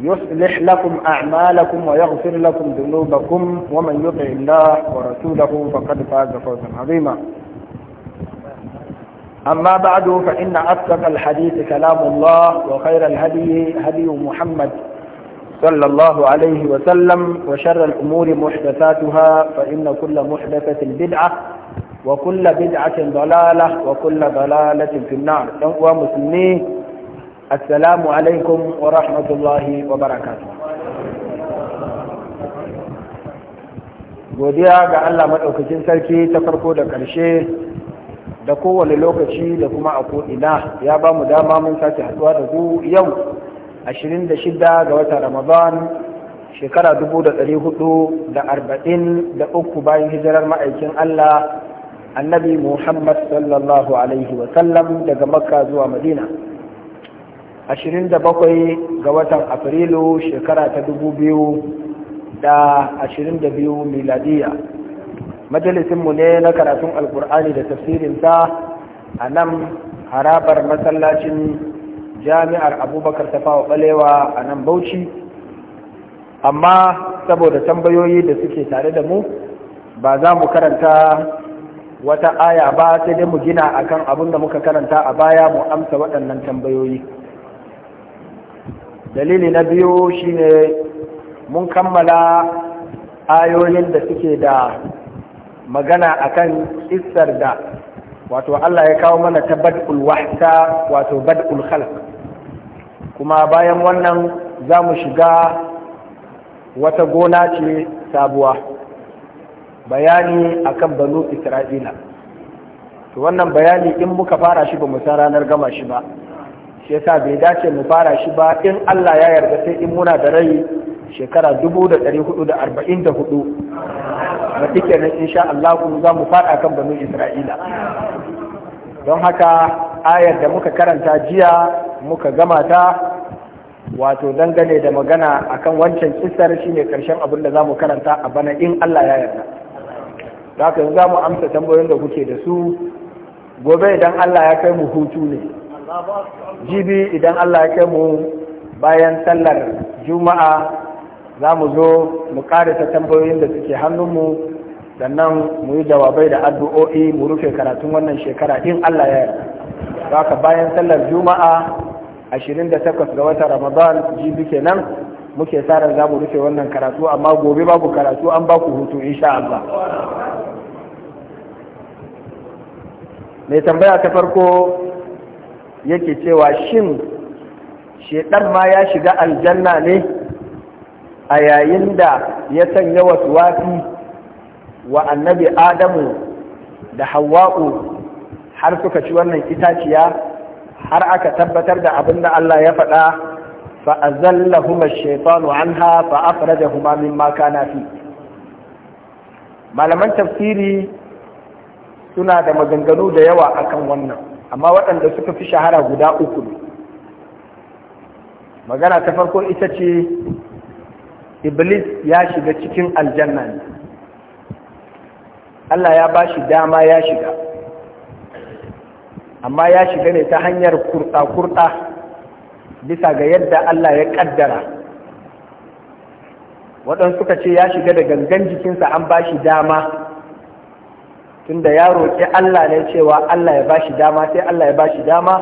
يصلح لكم أعمالكم ويغفر لكم ذنوبكم ومن يطع الله ورسوله فقد فاز فوزا عظيما أما بعد فإن أصدق الحديث كلام الله وخير الهدي هدي محمد صلى الله عليه وسلم وشر الأمور محدثاتها فإن كل محدثة بدعة وكل بدعة ضلالة وكل ضلالة في النار ومسلمين assalamu alaikum wa rahmatullahi wa barakatu godiya ga Allah maɗaukacin sarki ta farko da ƙarshe da kowane lokaci da kuma a ko'ina ya ba mu dama mun sake haɗuwa da ku yau 26 ga wata ramadan shekara dubu da arba'in da uku bayan hijirar ma'aikin Allah annabi Muhammad sallallahu Alaihi wasallam daga makka zuwa madina ashirin da bakwai ga watan afrilu shekara ta dubu biyu da ashirin da biyu miladiya majalisinmu ne na karatun alkur'ani da tafsirinsa a nan harabar masallacin jami'ar abubakar ta tafawa balewa a nan bauchi amma saboda tambayoyi da suke tare da mu ba za mu karanta wata aya ba sai dai mu gina akan abin da muka karanta a baya mu amsa waɗannan tambayoyi dalili na biyu shine mun kammala ayoyin da suke da magana akan isar da wato Allah ya kawo mana ta bad'ul wahta wato bad'ul khalq kuma bayan wannan za mu shiga wata gona ce sabuwa bayani akan banu isra'ila to wannan bayani in muka fara shi ba mu san ranar gama shi ba shi yasa bai dace mu fara shi ba in Allah ya yarda sai in muna da rai shekara 1444 ba dike nan insha Allah za mu fara kan banu Isra'ila don haka ayar da muka karanta jiya muka gama ta wato dangane da magana akan wancan kissar shine karshen abin da zamu karanta a bana in Allah ya yarda haka yanzu mu amsa tambayoyin da kuke da su gobe idan Allah ya kai mu hutu ne jibi idan Allah ya mu bayan sallar juma'a za mu zo mu karisa tambayoyin da suke hannunmu sannan mu yi jawabai da addu'o'i mu rufe karatun wannan shekara in Allah ya yarda ka bayan sallar juma'a 28 ga watan ramadan jibi kenan muke tsara za mu rufe wannan karatu amma gobe babu karatu an baku hutu in sha Allah mai tambaya ta farko yake cewa shin shedan ma ya shiga aljanna ne a yayin da ya sanya wasu wafi wa annabi adamu da hawa'u har suka ci wannan itaciya har aka tabbatar da abin da Allah ya faɗa fa'azallahuma shaitanu anha fa'afrajahuma mimma kana fi malaman tafsiri suna da maganganu da yawa akan wannan amma waɗanda suka fi shahara guda uku ne magana ta farko ita ce iblis ya shiga cikin aljanna ne Allah ya ba shi dama ya shiga amma ya shiga ne ta hanyar kurɗa-kurɗa bisa ga yadda Allah ya ƙaddara waɗansu suka ce ya shiga da gangan jikinsa an ba shi dama tun da ya roƙi Allah ne cewa Allah ya bashi dama sai Allah ya bashi dama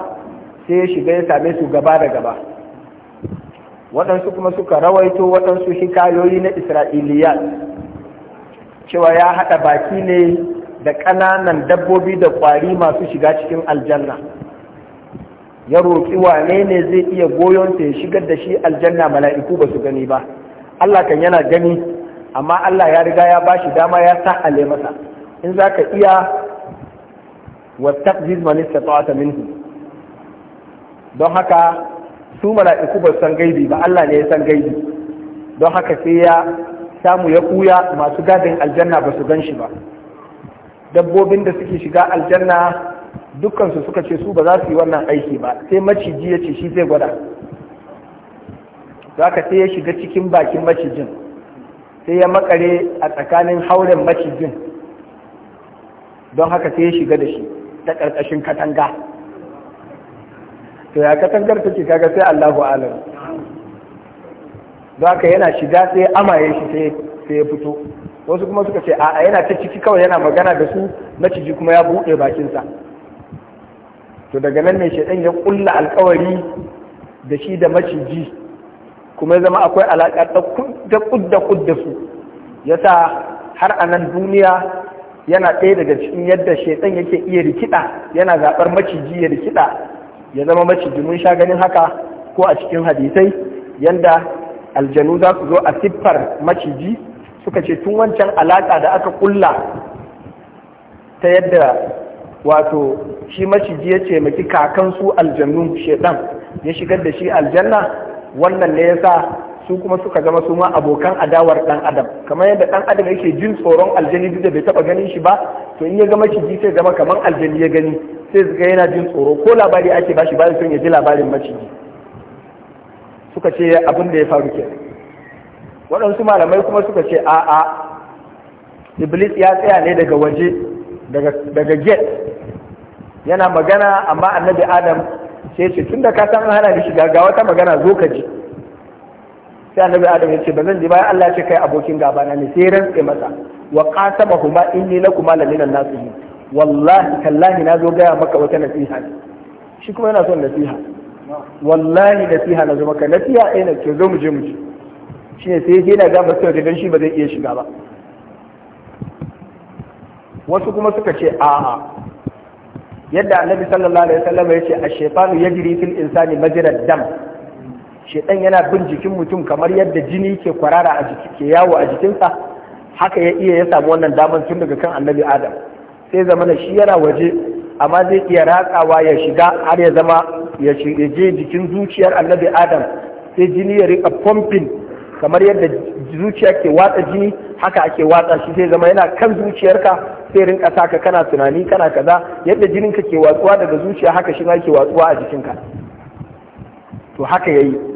sai ya shiga ya same su gaba da gaba waɗansu kuma suka rawaito waɗansu hikayoyi na isra'iliya cewa ya haɗa baki ne da ƙananan dabbobi da ƙwari masu shiga cikin aljanna ya roƙi wane ne zai iya goyon ta ya shigar da shi aljanna mala'iku ba su gani ba Allah kan yana gani amma Allah ya riga ya bashi dama ya sa ale masa in za ka iya wattaqziz man istata'ta minhu don haka su mala'iku ba san gaibi ba Allah ne ya san gaibi don haka sai ya samu ya kuya masu gadin aljanna ba su gan shi ba dabbobin da suke shiga aljanna dukkansu suka ce su ba za su yi wannan aiki ba sai maciji ya ce shi zai gwada za ka sai ya shiga cikin bakin macijin sai ya makare a tsakanin hauren macijin don haka sai ya shiga da shi ta ƙarƙashin katanga to ya katangar take kaga sai Allahu alam don haka yana shiga sai amaye shi sai ya fito wasu kuma suka ce a yana ta ciki kawai yana magana da su maciji kuma ya buɗe bakinsa to daga nan ne shaɗan ya ƙulla alƙawari da shi da maciji kuma ya zama akwai alaƙa ta kudda kudda su yasa har a nan duniya yana ɗaya daga cikin yadda shaitan yake iya rikida yana zaɓar maciji ya rikida ya zama maciji mun sha ganin haka ko a cikin hadisai yadda aljanu za su zo a siffar maciji suka ce tun wancan alaƙa da aka ƙulla ta yadda wato shi maciji ya ce maki kakan su aljannu shaitan ya shigar da shi aljanna wannan ne ya sa. su kuma suka zama su ma abokan adawar dan adam kamar yadda dan adam yake jin tsoron aljani duk da bai taba ganin shi ba to in ya ga maciji sai zama kamar aljani ya gani sai ga yana jin tsoro ko labari ake ba shi bayan son ya ji labarin maciji suka ce abin da ya faru ke waɗansu malamai kuma suka ce a iblis ya tsaya ne daga waje daga gate yana magana amma annabi adam sai ce tun ka san hana ni shiga ga wata magana zo ka ji sai annabi adam ya ce ba zan je bayan Allah ya ce kai abokin gaba na ne sai rantse masa wa qasama huma inni lakuma la minan nasihin wallahi kallahi na zo gaya maka wata nasiha ne shi kuma yana son nasiha wallahi nasiha na zo maka nasiha ɗaya na ce zo mu je mu ci shi ne sai yana ga masa da don shi ba zai iya shiga ba wasu kuma suka ce a'a yadda annabi sallallahu alaihi wasallam ya ce a shaytanu yajri fil insani majra dam shedan yana bin jikin mutum kamar yadda jini ke kwarara a jiki ke yawo a jikinsa haka ya iya ya samu wannan daman tun daga kan annabi adam sai zama da shi yana waje amma zai iya ratsawa ya shiga har ya zama ya je jikin zuciyar annabi adam sai jini ya rika pumping kamar yadda zuciya ke watsa jini haka ake watsa shi sai zama yana kan zuciyarka sai rinka saka kana tunani kana kaza yadda jininka ke watsuwa daga zuciya haka shi ma ke watsuwa a jikinka to haka yayi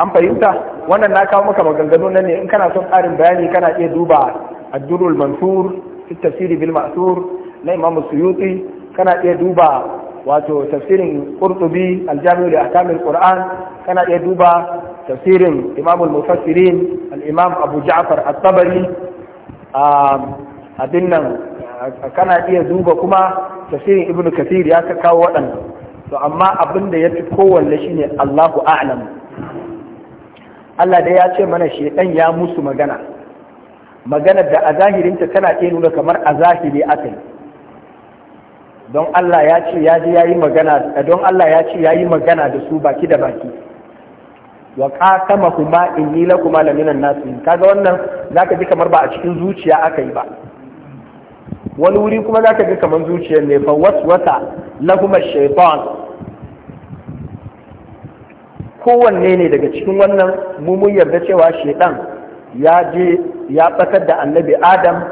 an fahimta wannan na kawo maka maganganu nan ne in kana son ƙarin bayani kana iya duba addurul mansur fi tafsiri bil ma'sur na imam suyuti kana iya duba wato tafsirin qurtubi aljami'u li ahkamil qur'an kana iya duba tafsirin imam al-mufassirin al-imam abu ja'far at-tabari abin nan kana iya duba kuma tafsirin ibnu kathir ya kawo waɗannan to amma abin da ya fi kowanne shine Allahu a'lam Allah dai ya ce mana shedan ya musu magana maganar da a zahirinta tana iya nuna kamar a zahiri aka yi don Allah ya ce ya ji yayi magana don Allah ya ce yayi magana da su baki da baki wa qatama kuma inni lakum laminan minan kaga wannan zaka ji kamar ba a cikin zuciya aka yi ba wani wuri kuma zaka ji kamar zuciyar ne fa waswata lahum ash-shaytan kowanne ne daga cikin wannan mu mun yarda cewa shaidan ya je ya batar da annabi adam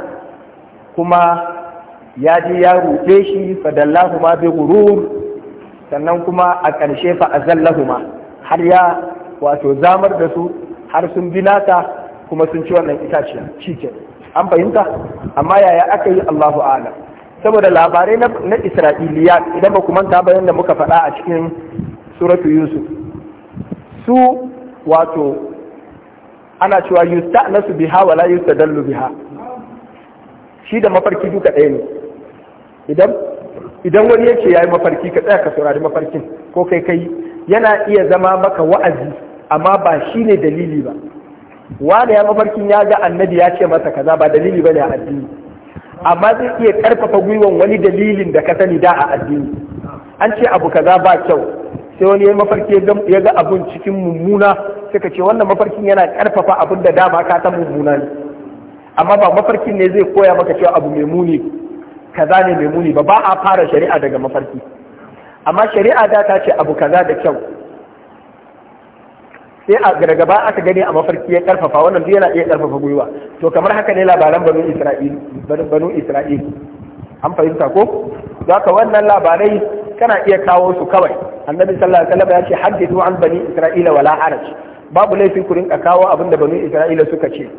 kuma ya je ya ruɗe shi fadallahu ma bi gurur sannan kuma a ƙarshe fa azallahu ma har ya wato zamar da su har sun bi nata kuma sun ci wannan itaciya cike an fahimta amma yaya aka yi Allahu ala? saboda labarai na Isra'iliya idan ba kuma manta bayan da muka faɗa a cikin suratu Yusuf su wato ana cewa yusta nasu biha wala yusta dallu biha shi da mafarki duka ɗaya ne idan idan wani yake yi mafarki ka tsaya ka saurari mafarkin ko kai kai yana iya zama maka wa'azi amma ba shi ne dalili ba wani ya mafarkin ya ga annabi ya ce masa kaza ba dalili ba ne a addini amma zai iya karfafa gwiwan wani dalilin da ka sani da a addini an ce abu kaza ba kyau sai wani ya mafarki ya ga abun cikin mummuna sai ka ce wannan mafarkin yana karfafa abin da dama ka ta mummuna ne amma ba mafarkin ne zai koya maka cewa abu mai muni kaza ne mai muni ba ba a fara shari'a daga mafarki amma shari'a da ta ce abu kaza da kyau sai a daga ba aka gani a mafarki ya karfafa wannan duk yana iya karfafa gwiwa to kamar haka ne labaran banu isra'il banu isra'il an fahimta ko za ka wannan labarai kana iya kawo su kawai annabi sallallahu alaihi wasallam ya ce haddithu an bani isra'ila wala haraj babu laifin ku rinka kawo abin da bani isra'ila suka ce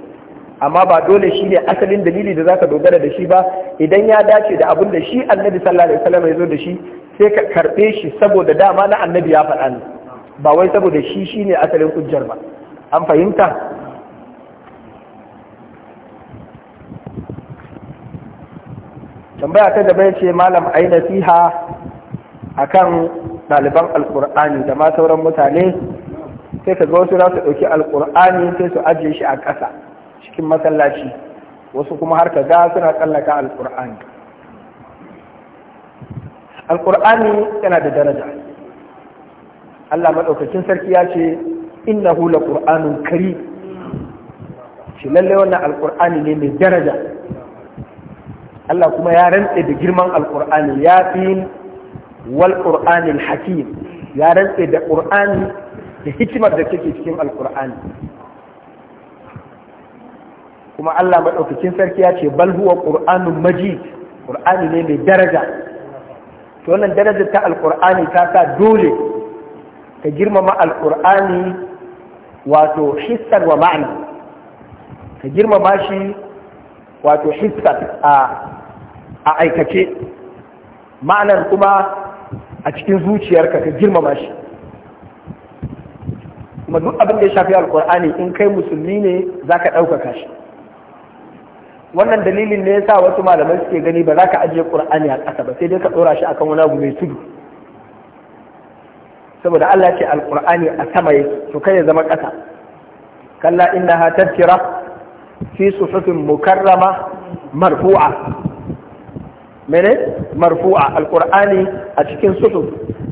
amma ba dole shi asalin dalili da zaka dogara da shi ba idan ya dace da abin da shi annabi sallallahu alaihi wasallam ya zo da shi sai ka karbe shi saboda dama na annabi ya faɗa ne ba wai saboda shi shine asalin hujjar ba an fahimta tambaya ta gaba ya ce malam ai nasiha akan ɗaliban alkur'ani da ma sauran mutane sai ka wasu za su ɗauki alkur'ani sai su ajiye shi a ƙasa cikin masallaci wasu kuma har ka ga suna tsallaka alkur'ani alkur'ani yana da daraja Allah maɗaukacin sarki ya ce innahu hula ƙur'anin kari shi lalle wannan alkur'ani ne mai daraja Allah kuma ya rantse da girman alkur'ani ya fi wal qur'anil hakim ya rantse da qur'ani da hikimar da take cikin alqur'ani kuma Allah madaukakin sarki ya ce bal huwa qur'anun majid qur'ani ne mai daraja to wannan darajar ta alqur'ani ta sa dole ka girmama alqur'ani wato hissar wa ma'ana ka girmama shi wato hissar a aikace ma'anar kuma a cikin zuciyarka ka girmama shi kuma duk abin da ya shafi alkur'ani in kai musulmi ne za ka ɗaukaka shi wannan dalilin ne ya sa wasu malamai suke gani ba za ka ajiye ƙur'ani a ƙasa ba sai dai ka ɗora shi akan wani abu mai tudu saboda Allah ce Alƙur'ani a sama ya to kai ya zama ƙasa kalla innaha tadhkira fi suhufin mukarrama marfu'a mene marfu'a alqur'ani a cikin suhuf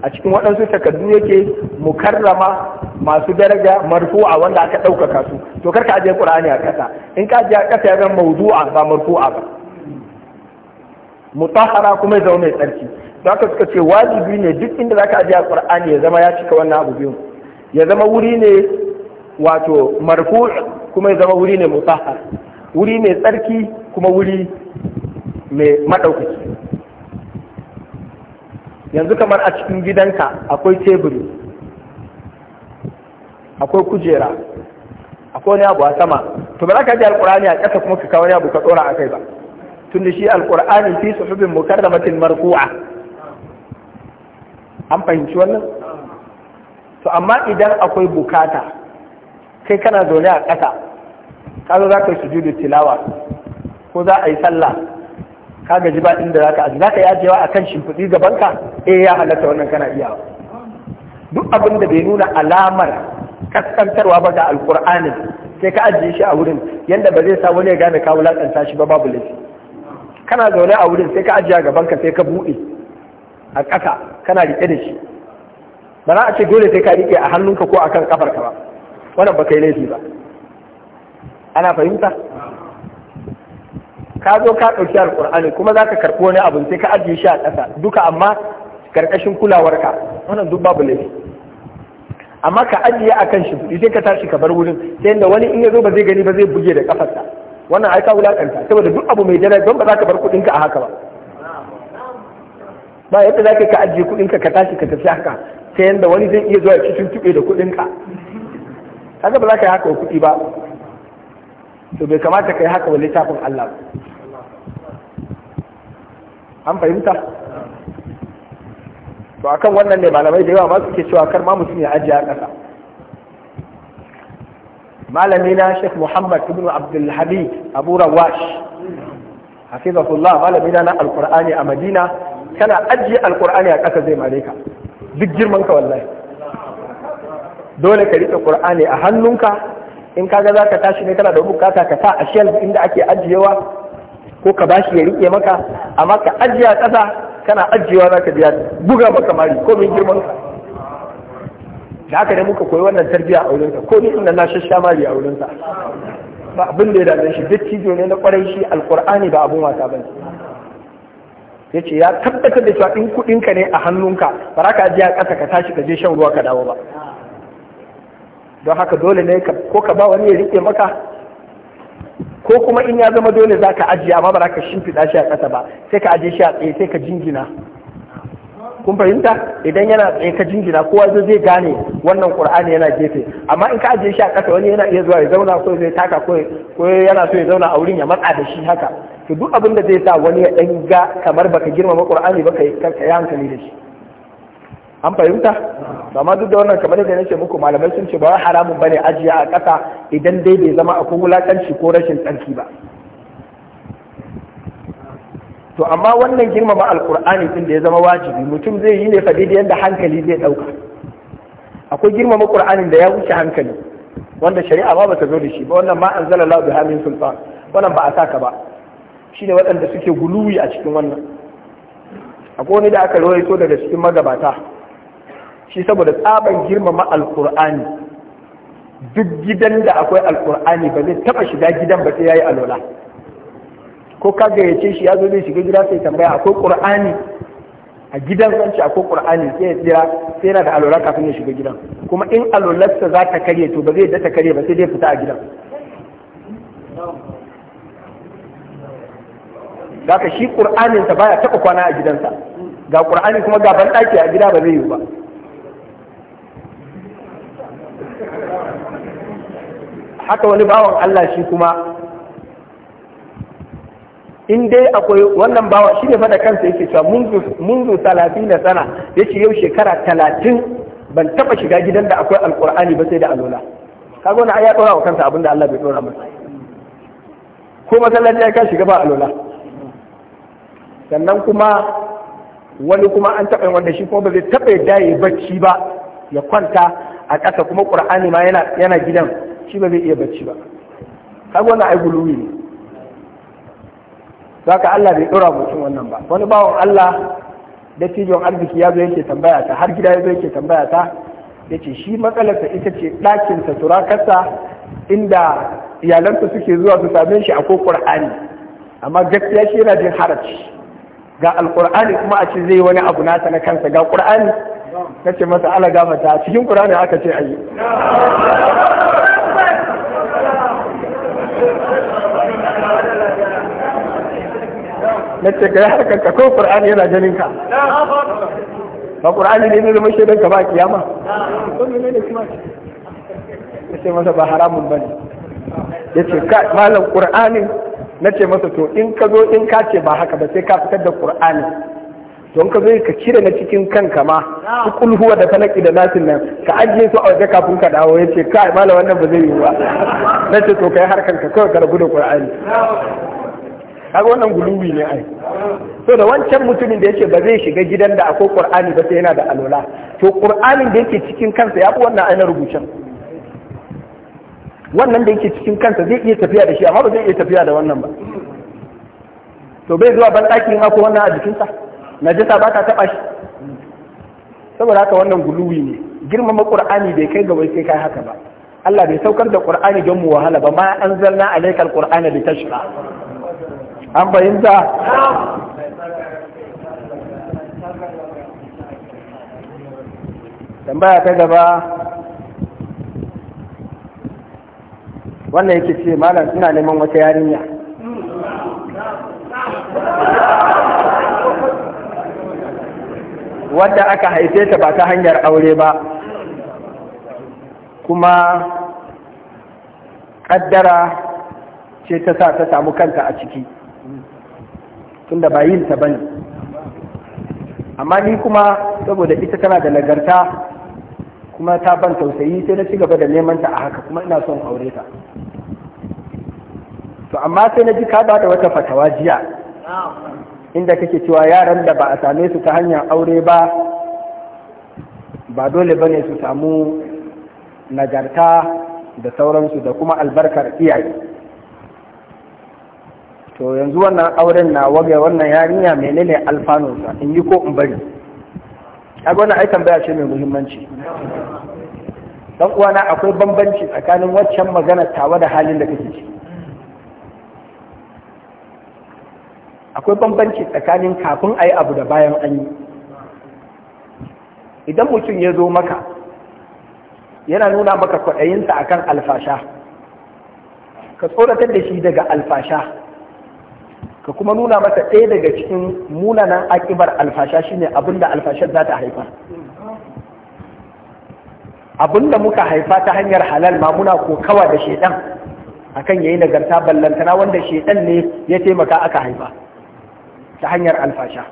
a cikin waɗansu takardu yake mukarrama masu daraja marfu'a wanda aka ɗaukaka su to karka ajiye qur'ani a ƙasa in ka ajiye a ƙasa ya zama mawdu'a ba marfu'a ba mutahara kuma ya zama tsarki don haka suka ce wajibi ne duk inda zaka ajiye qur'ani ya zama ya cika wannan abu biyu ya zama wuri ne wato marfu' kuma ya zama wuri ne mutahhar wuri mai tsarki kuma wuri mai maɗaukaki yanzu kamar a cikin gidanka akwai teburi akwai kujera akwai wani abu a sama to ba za ka ji alkur'ani a ƙasa kuma ka kawo wani abu ka tsora a kai ba tun da shi alkur'ani fi su da matin marfu'a an fahimci wannan to amma idan akwai bukata kai kana zaune a ƙasa ka zo za ka yi sujudu tilawa ko za a yi sallah ka gaji ba inda ka aji Za ka yi a akan shimfiɗi gaban ka eh ya halatta wannan kana iya duk abin da bai nuna alamar kaskantarwa ba ga alqur'anin sai ka ajiye shi a wurin yanda ba zai sa wani ya gane ka wulaƙanta shi ba babu laifi kana zaune a wurin sai ka ajiye gabanka sai ka buɗe a ƙasa kana riƙe da shi ba za a ce dole sai ka riƙe a hannunka ko akan ƙafarka ba wannan ba kai laifi ba ana fahimta ka zo ka ɗauki alƙur'ani kuma za ka karɓi wani abu sai ka ajiye shi a ƙasa duka amma ƙarƙashin kulawarka wannan duk babu laifi amma ka ajiye a kan shi sai ka tashi ka bar wurin sai da wani in ya zo ba zai gani ba zai buge da ƙafarsa wannan ai ka wulaƙanta saboda duk abu mai daraja don ba za ka bar kuɗinka a haka ba ba yadda za ka ajiye kuɗinka ka tashi ka tafi haka sai yadda wani zai iya zuwa cikin tuɓe da kuɗinka kaga ba za ka yi haka kuɗi ba to bai kamata ka yi haka wa littafin Allah ba an fahimta to kan wannan ne malamai da yawa ma ke cewa kar ma mutum ya ajiye a ƙasa malami na Sheikh Muhammad ibn Abdul Habib Abu Rawash hafizahullah malami na alqur'ani a Madina kana ajiye alqur'ani a ƙasa zai mare ka duk girman ka wallahi dole ka rike qur'ani a hannunka in kaga zaka tashi ne kana da bukata ka sa a shelf inda ake ajiyewa ko ka bashi ya rike maka amma ka ajiya ƙasa kana ajiyewa za ka biya buga maka mari ko min girman ka da haka ne muka koyi wannan tarbiyya a wurinsa ko ni inda na shasha mari a wurinsa ba abin da ya dace shi duk cijo ne na kwarai shi alkur'ani ba abun wasa bane ya ce ya tabbatar da cewa in ka ne a hannunka ba za ka ajiya a ƙasa ka tashi ka je shan ruwa ka dawo ba don haka dole ne ko ka ba wani ya rike maka ko kuma in ya zama dole za ka ajiye amma ba za ka shimfiɗa shi a ƙasa ba sai ka ajiye shi a tsaye sai ka jingina kun fahimta idan yana tsaye ka jingina kowa zai zai gane wannan qur'ani yana gefe amma in ka ajiye shi a ƙasa wani yana iya zuwa ya zauna ko zai taka ko yana so ya zauna a wurin ya matsa da shi haka to duk abin da zai sa wani ya ɗan ga kamar baka girmama qur'ani ba ka yi hankali da shi an fahimta amma duk da wannan kamar yadda nake muku malamai sun ce ba haramun bane ajiya a ƙasa idan dai bai zama akwai wulakanci ko rashin tsarki ba to amma wannan girmama alkur'ani din da ya zama wajibi mutum zai yi ne fadi yadda hankali zai ɗauka akwai girmama qur'anin da ya wuce hankali wanda shari'a ba bata zo da shi ba wannan ma anzala Allah bi hamin sultan wannan ba a saka ba shine waɗanda suke guluwi a cikin wannan akwai wani da aka rawaito daga cikin magabata shi saboda tsaban girmama alkur'ani duk gidan da akwai alkur'ani ba zai taba shiga gidan ba sai yayi alola ko ka gayyace shi ya zo zai shiga gida sai tambaya akwai qur'ani a gidan zan ci akwai qur'ani sai ya tsira sai yana da alola kafin ya shiga gidan kuma in alolarsa za ta karye to ba zai da ta karye ba sai dai fita a gidan Gaka shi ƙur'aninsa baya taɓa kwana a gidansa ga ƙur'ani kuma ga ban ɗaki a gida ba zai yi ba haka wani bawan Allah shi kuma in dai akwai wannan bawa shi ne fada kansa yake cewa munzu talatin na sana ce yau shekara talatin ban taba shiga gidan da akwai alkur'ani ba sai da alola kaga wani ya dora wa kansa abin da Allah bai dora masa ko masallaci ya ka shiga ba alola sannan kuma wani kuma an taɓa wanda shi kuma ba zai taɓa ya daye bacci ba ya kwanta a ƙasa kuma ƙur'ani ma yana gidan shi ba zai iya bacci ba har wannan ai guluwi ne zaka Allah bai dora mutum wannan ba wani bawan Allah dattijon arziki ya zo yake tambaya ta har gida ya zo yake tambaya ta ya ce shi matsalarsa ita ce ɗakinsa turakarsa inda iyalansa suke zuwa su same shi a ko ƙur'ani amma gaskiya shi yana jin haraci ga alƙur'ani kuma a ce zai wani abu nasa na kansa ga ƙur'ani na ce masa ala gafata cikin ƙur'ani aka ce ayi nace ka yi harkar ka ko qur'ani yana ganin ka ba qur'ani ne zama shaidan ka ba kiyama ko ne ne kuma masa ba haramun ba ne ka malam Qur'ani na ce masa to in ka zo in ka ce ba haka ba sai ka fitar da Qur'ani to in ka zo ka cire na cikin kanka ma kul kulhuwa da talaki da nasin nan ka ajiye su a waje kafin ka dawo yace ka kai malam wannan ba zai yi ba nace to ka yi ka kawai ka rabu Qur'ani kaga wannan guluwi ne ai so da wancan mutumin da yake ba zai shiga gidan da akwai qur'ani ba sai yana da alola to qur'anin da yake cikin kansa ya fi wannan ainihin rubucin wannan da yake cikin kansa zai iya tafiya da shi amma ba zai iya tafiya da wannan ba to bai zuwa ban daki in akwai wannan a jikinsa najasa ba ta taba shi saboda haka wannan guluwi ne girmama qur'ani bai kai ga wai sai kai haka ba Allah bai saukar da qur'ani don mu wahala ba ma anzalna alaykal qur'ana litashqa an fahimta tambaya ta gaba wannan yake ce malam suna neman wata yarinya wadda aka haife ta ba ta hanyar aure ba kuma kaddara ce ta sa ta samu kanta a ciki tunda ba yin ta bane amma ni kuma saboda ita tana da nagarta kuma ta ban tausayi sai na ci gaba da neman ta a haka kuma ina son aure ta to amma sai na ji ka ba da wata fatawa jiya inda kake cewa yaran da ba a same su ta hanyar aure ba ba dole ba ne su samu nagarta da sauransu da kuma albarkar iyaye to yanzu wannan auren na waje wannan yarinya menene alfanunsa in yi ko in bari kaga wannan ai tambaya ce mai muhimmanci dan uwana akwai bambanci tsakanin waccan magana tawa da halin da kake ci akwai bambanci tsakanin kafin ayi abu da bayan an yi idan mutum ya zo maka yana nuna maka kwaɗayinsa akan alfasha ka tsoratar da shi daga alfasha ka kuma nuna mata ɗaya daga cikin munanan akibar alfasha shi shine abinda alfashar za ta haifa abinda muka haifa ta hanyar halal ma muna kokawa da shedan akan yayi nagarta ballantana wanda shaidan ne ya taimaka aka haifa ta hanyar alfasha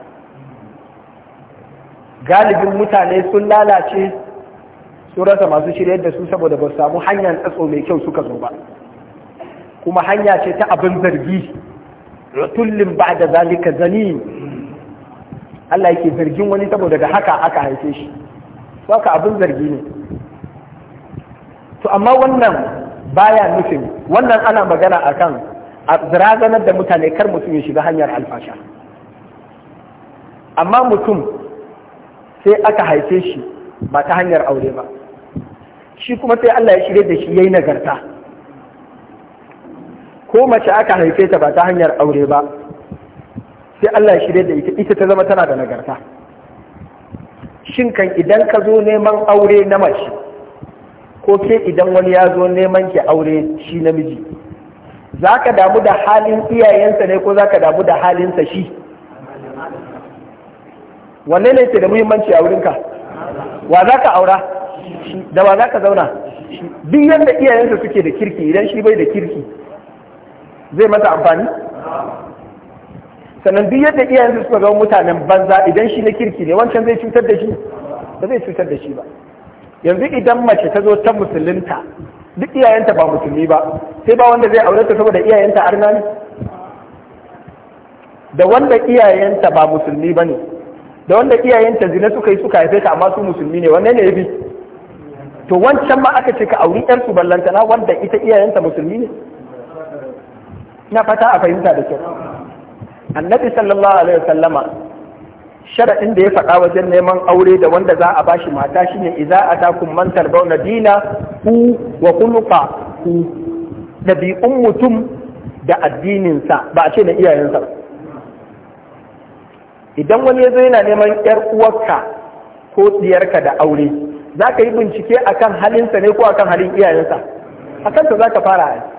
galibin mutane sun lalace sun rasa masu shiryar da su saboda ba su samu hanyar tsatso mai kyau suka zo ba kuma hanya ce ta abin zargi ratullin ba da zalika zanin Allah yake zargin wani saboda da haka aka haife shi haka abin zargi ne to amma wannan baya nufin wannan ana magana akan a zirazanar da mutane kar mutum ya shiga hanyar alfasha amma mutum sai aka haife shi ba ta hanyar aure ba shi kuma sai Allah ya shirye da shi yayi nagarta ko mace aka haife ta ba ta hanyar aure ba sai Allah ya shirye da ita ita ta zama tana da nagarta shin kan idan ka zo neman aure na mace ko ke idan wani ya zo neman ki aure shi namiji za ka damu da halin iyayensa ne ko za ka damu da halinsa shi wanne ne ke da muhimmanci a wurinka wa za ka aura da wa za ka zauna duk yadda iyayensa suke da kirki idan shi bai da kirki zai mata amfani sannan duk yadda iyayensu suka zama mutanen banza idan shi na kirki ne wancan zai cutar da shi ba zai cutar da shi ba yanzu idan mace ta zo ta musulunta duk iyayenta ba musulmi ba sai ba wanda zai aure ta saboda iyayenta arna ne da wanda iyayenta ba musulmi ba ne da wanda iyayenta zina suka yi suka haife ta amma su musulmi ne wannan ne ya bi to wancan ma aka ce ka auri 'yarsu ballantana wanda ita iyayenta musulmi ne na fata a fahimta da kyau annabi sallallahu alaihi wasallama sharaɗin da ya faɗa wajen neman aure da wanda za a bashi mata shine idza atakum man tarbawna dina ku wa khuluqa ku dabi'un mutum da addininsa ba a ce na iyayensa ba idan wani ya zo yana neman yar uwarka ko diyarka da aure za ka yi bincike akan halinsa ne ko akan halin iyayensa akan ta za ka fara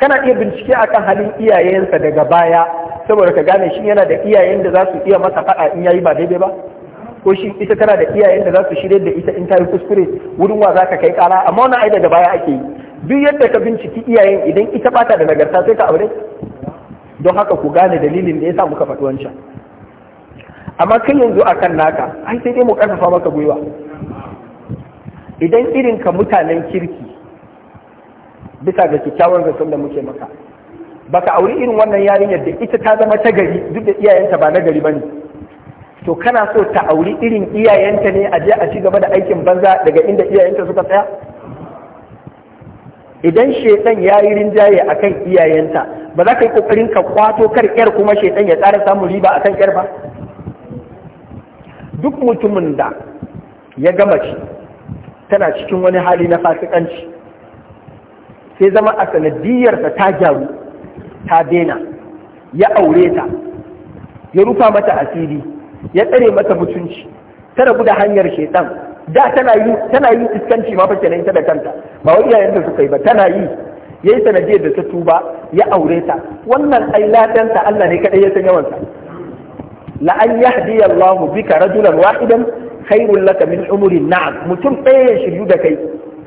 kana iya bincike akan halin iyayensa daga baya saboda ka gane shi yana da iyayen da za su iya masa faɗa in yayi ba daidai ba ko shi ita tana da iyayen da za su shirye da ita in ta yi kuskure wurin wa za ka kai kara amma wannan ai daga baya ake yi duk yadda ka binciki iyayen idan ita bata da nagarta sai ka aure don haka ku gane dalilin da ya sa muka faɗi wancan amma kai yanzu a kan naka ai sai dai mu karfafa maka gwiwa idan irin ka mutanen kirki bisa ga kyakkyawar zaton da muke maka baka auri irin wannan yarinyar da ita ta zama ta gari duk da iyayenta ba na gari bane to kana so ta auri irin iyayenta ne a je a ci gaba da aikin banza daga inda iyayenta suka tsaya idan shedan ya yi rinjaye kan iyayenta ba za ka yi kokarin ka kwato kar yar kuma shedan ya tsara samun riba a kan yar ba duk mutumin da ya gama ci tana cikin wani hali na fasikanci sai zama a sanadiyarsa ta gyaru ta dena, ya aure ta ya rufa mata asiri ya tsare mata mutunci ta rabu da hanyar shaitan da tana yi tana yi iskanci ma fake ta da kanta ba wai iyayen da suka yi ba tana yi yayi sanadiyar da ta tuba ya aure ta wannan ai ladanta Allah ne kadai ya san yawan sa la an yahdi Allahu bika rajulan wahidan khairul laka min umri na'am mutum ɗaya ya shiryu da kai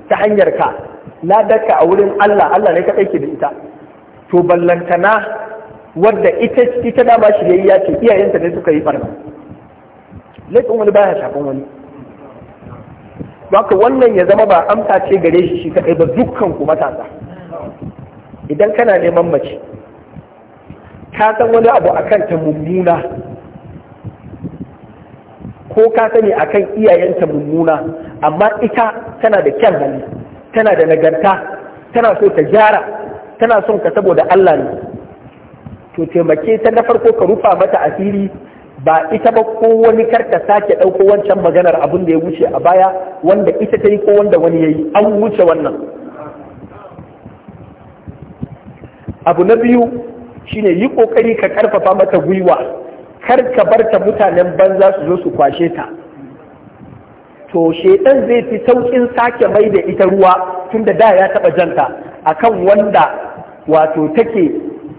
ta hanyar ka ladarka a wurin Allah Allah ne kaɗai ke da ita to ballantana wadda ita ita dama shiryayya ce iyayenta ne suka yi barna laifin wani baya shafin wani haka wannan ya zama ba amsa ce gare shi shi kaɗai ba dukkan ku matasa idan kana neman mace ka san wani abu akan ta mummuna ko ka sani akan iyayenta mummuna amma ita tana da kyan hali tana da nagarta tana so ta gyara tana son ka saboda Allah ne to taimake ta na farko ka rufa mata asiri ba ita ba ko wani karka sake ɗauko wancan maganar abin da ya wuce a baya wanda ita ta yi ko wanda wani ya yi an wuce wannan abu na biyu shine yi ƙoƙari ka ƙarfafa mata gwiwa kar ka barta ta mutanen banza su zo su kwashe ta to shedan zai fi saukin sake mai da ita ruwa tunda da ya taba janta akan wanda wato take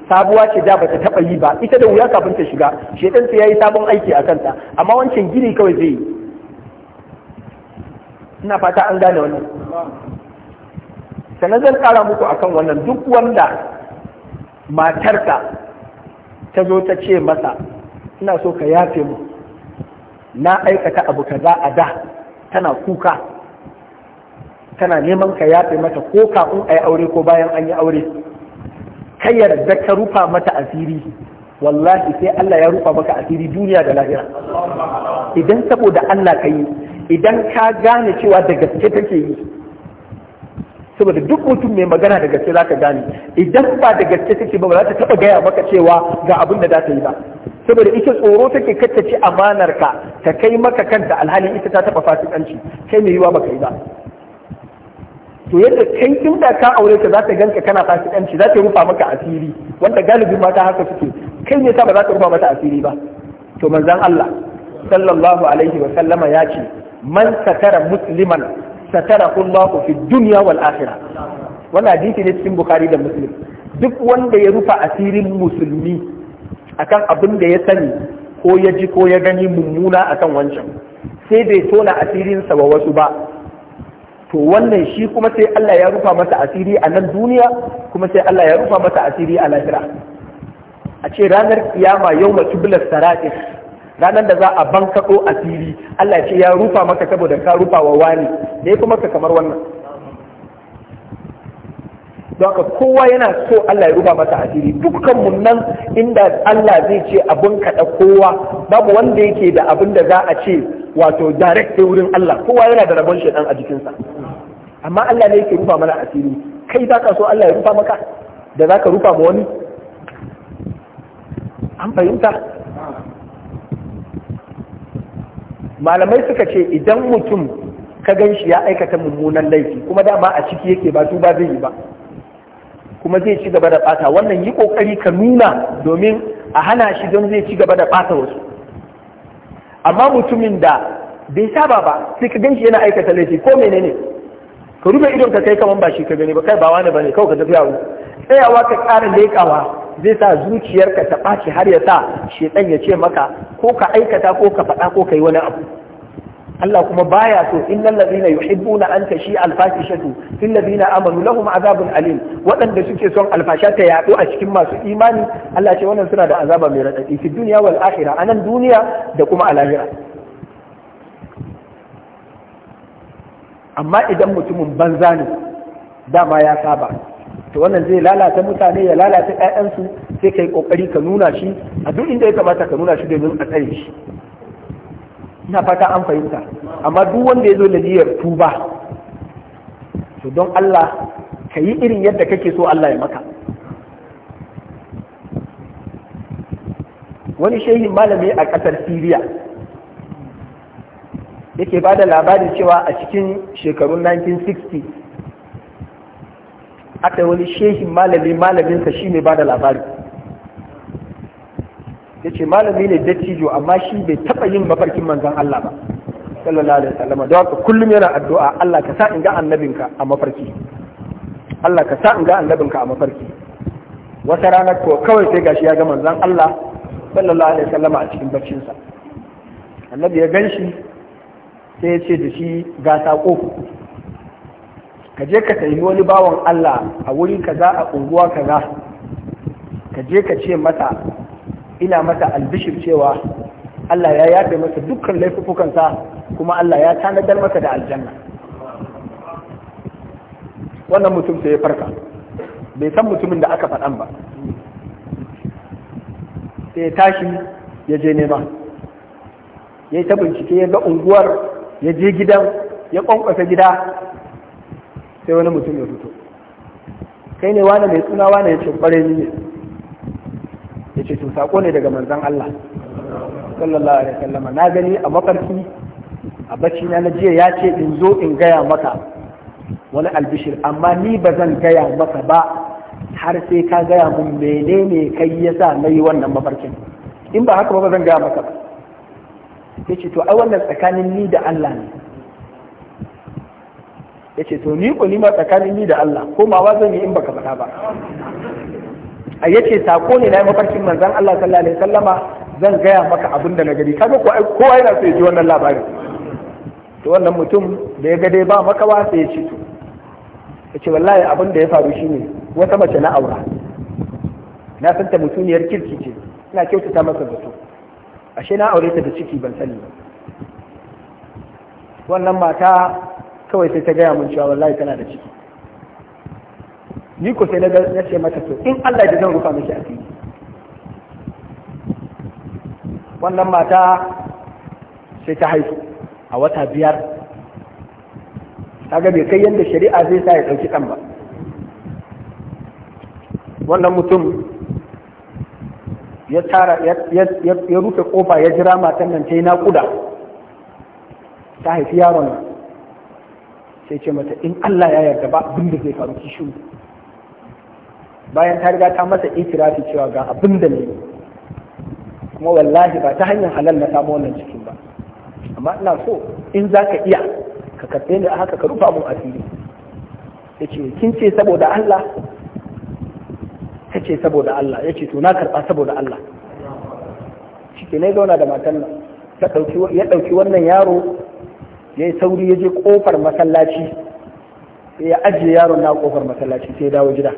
sabuwa ce da bata taba yi ba ita da wuya kafin ta shiga shedan sai yayi sabon aiki a kanta amma wancan gini kawai zai ina fata an gane wannan sannan zan kara muku akan wannan duk wanda matarka ta zo ta ce masa ina so ka yafe mu na aikata abu kaza a da tana kuka tana neman ka yafe mata ko kafin a yi aure ko bayan an yi aure ka yarda ka rufa mata asiri wallahi sai Allah ya rufa maka asiri duniya da lahira idan saboda Allah ka yi idan ka gane cewa da gaske take yi saboda duk mutum mai magana da gaske zaka gane idan ba da gaske take ba ba za ta taba gaya maka cewa ga abin da za ta yi ba saboda ita tsoro take kacce ci amanar ka ta kai maka kanta alhali ita ta taba fasikanci kai mai yiwa baka yi ba to yadda kai da ka aure ta za ta ganka kana fasikanci za ta rufa maka asiri wanda galibin mata haka suke kai ne ta ba za ta rufa mata asiri ba to manzon Allah sallallahu alaihi wa sallama ya ce man satara musliman satara Allahu fi dunya wal akhirah wannan hadisi ne cikin Bukhari da Muslim duk wanda ya rufa asirin musulmi akan abin da ya sani ko ya ji ko ya gani mummuna akan wancan sai bai tona asirinsa ba wasu ba to wannan shi kuma sai Allah ya rufa masa asiri a nan duniya kuma sai Allah ya rufa masa asiri a lahira a ce ranar kiyama yau mace bilar saratis ranar da za a bankaɗo asiri Allah ce ya rufa maka saboda ka rufa wa wani da ya kuma ka kamar wannan don haka kowa yana so Allah ya rufa masa asiri dukkan mu nan inda Allah zai ce abin kaɗa kowa babu wanda yake da abin da za a ce wato direct wurin Allah kowa yana da rabon shaidan a jikinsa amma Allah ne yake rufa mana asiri kai za ka so Allah ya rufa maka da za ka rufa ma wani an fahimta malamai suka ce idan mutum ka gan shi ya aikata mummunan laifi kuma dama a ciki yake ba tuba zai yi ba kuma zai ci gaba da ɓata wannan yi kokari ka nuna domin a hana shi don zai ci gaba da ɓata wasu amma mutumin da bai saba ba sai ka gan shi yana aikata laifi ko menene ka rufe idon ka kai kaman ba shi ka gani ba kai ba wani bane kawai ka tafi yawo tsayawa ka ƙara leƙawa zai sa zuciyarka ta ɓaci har ya sa shedan ya ce maka ko ka aikata ko ka faɗa ko ka yi wani abu Allah kuma baya so in innal ladina na an tashi tun fil na amanu lahum azabun alim waɗanda suke son alfasha ta yaɗo a cikin masu imani Allah ce wannan suna da azaba mai raɗaɗi fi duniya wal akhirah anan duniya da kuma a amma idan mutumin banza ne dama ya saba to wannan zai lalata mutane ya lalata ƴaƴansu sai kai kokari ka nuna shi a duk inda ya kamata ka nuna shi domin a tsare shi ina fata an fahimta amma duk wanda ya zo da niyyar tuba to don Allah ka yi irin yadda kake so Allah ya maka wani shehin malami a ƙasar Siriya yake ba da labarin cewa a cikin shekarun 1960 aka wani shehin malami malaminsa shi ne ba da labari ya ce malami ne dattijo amma shi bai taɓa yin mafarkin manzan Allah ba sallallahu alaihi wasallam da haka kullum yana addu'a Allah ka sa in ga annabinka a mafarki Allah ka sa in ga annabinka a mafarki wata rana ko kawai sai gashi ya ga manzan Allah sallallahu alaihi wasallam a cikin baccinsa annabi ya ganshi sai ya ce da shi ga saƙo ka je ka taimi wani bawan Allah a wuri kaza a unguwa kaza ka je ka ce mata ina mata albishir cewa Allah ya yafe masa dukkan laifukansa kuma Allah ya tanadar masa da aljanna wannan mutum sai ya farka bai san mutumin da aka faɗan ba sai ya tashi ya je nema ya yi ta bincike ya ga unguwar ya je gidan ya ƙwanƙwasa gida sai wani mutum ya fito kai ne wani mai suna wani ya ce kware ni ne ya ce to sako ne daga manzan Allah sallallahu alaihi wasallama na gani a mafarki a bacci na jiya ya ce in zo in gaya maka wani albishir amma ni ba zan gaya maka ba har sai ka gaya mun menene kai yasa na yi wannan mafarkin in ba haka ba zan gaya maka ba ya ce to ai wannan tsakanin ni da Allah ne yace to ni ko ni ma tsakanin ni da Allah komawa zan yi in baka faɗa ba a yace sako ne na yi mafarkin manzon Allah sallallahu alaihi wasallama zan gaya maka abin na gani kaga ko kowa yana so ya ji wannan labari to wannan mutum da ya ga dai ba makawa sai ya ci to yace wallahi abin da ya faru shine wata mace na aura na san ta mutuniyar kirki ce ina kyautata masa zato ashe na aure ta da ciki ban sani ba wannan mata kawai sai ta gaya mun cewa wallahi tana da ciki ni ko sai na ce mata to in Allah ya zan rufa miki asiri wannan mata sai ta haihu a wata biyar kaga bai kai yadda shari'a zai sa ya ɗauki kan ba wannan mutum ya tara ya rufe kofa ya jira matan nan ta yi naƙuda ta haifi yaron sai ce mata in Allah ya yarda ba abin da zai faru ki shiru bayan ta riga ta masa itirafi cewa ga abin da ne kuma wallahi ba ta hanyar halal na samu wannan cikin ba amma ina so in za ka iya ka karɓe ni a haka ka rufa mun asiri ya ce kin ce saboda Allah ta ce saboda Allah ya ce to na karɓa saboda Allah shi ne zauna da matan nan ya ɗauki wannan yaro ya yi sauri ya je kofar masallaci ya ajiye yaron na kofar masallaci sai ya dawo gida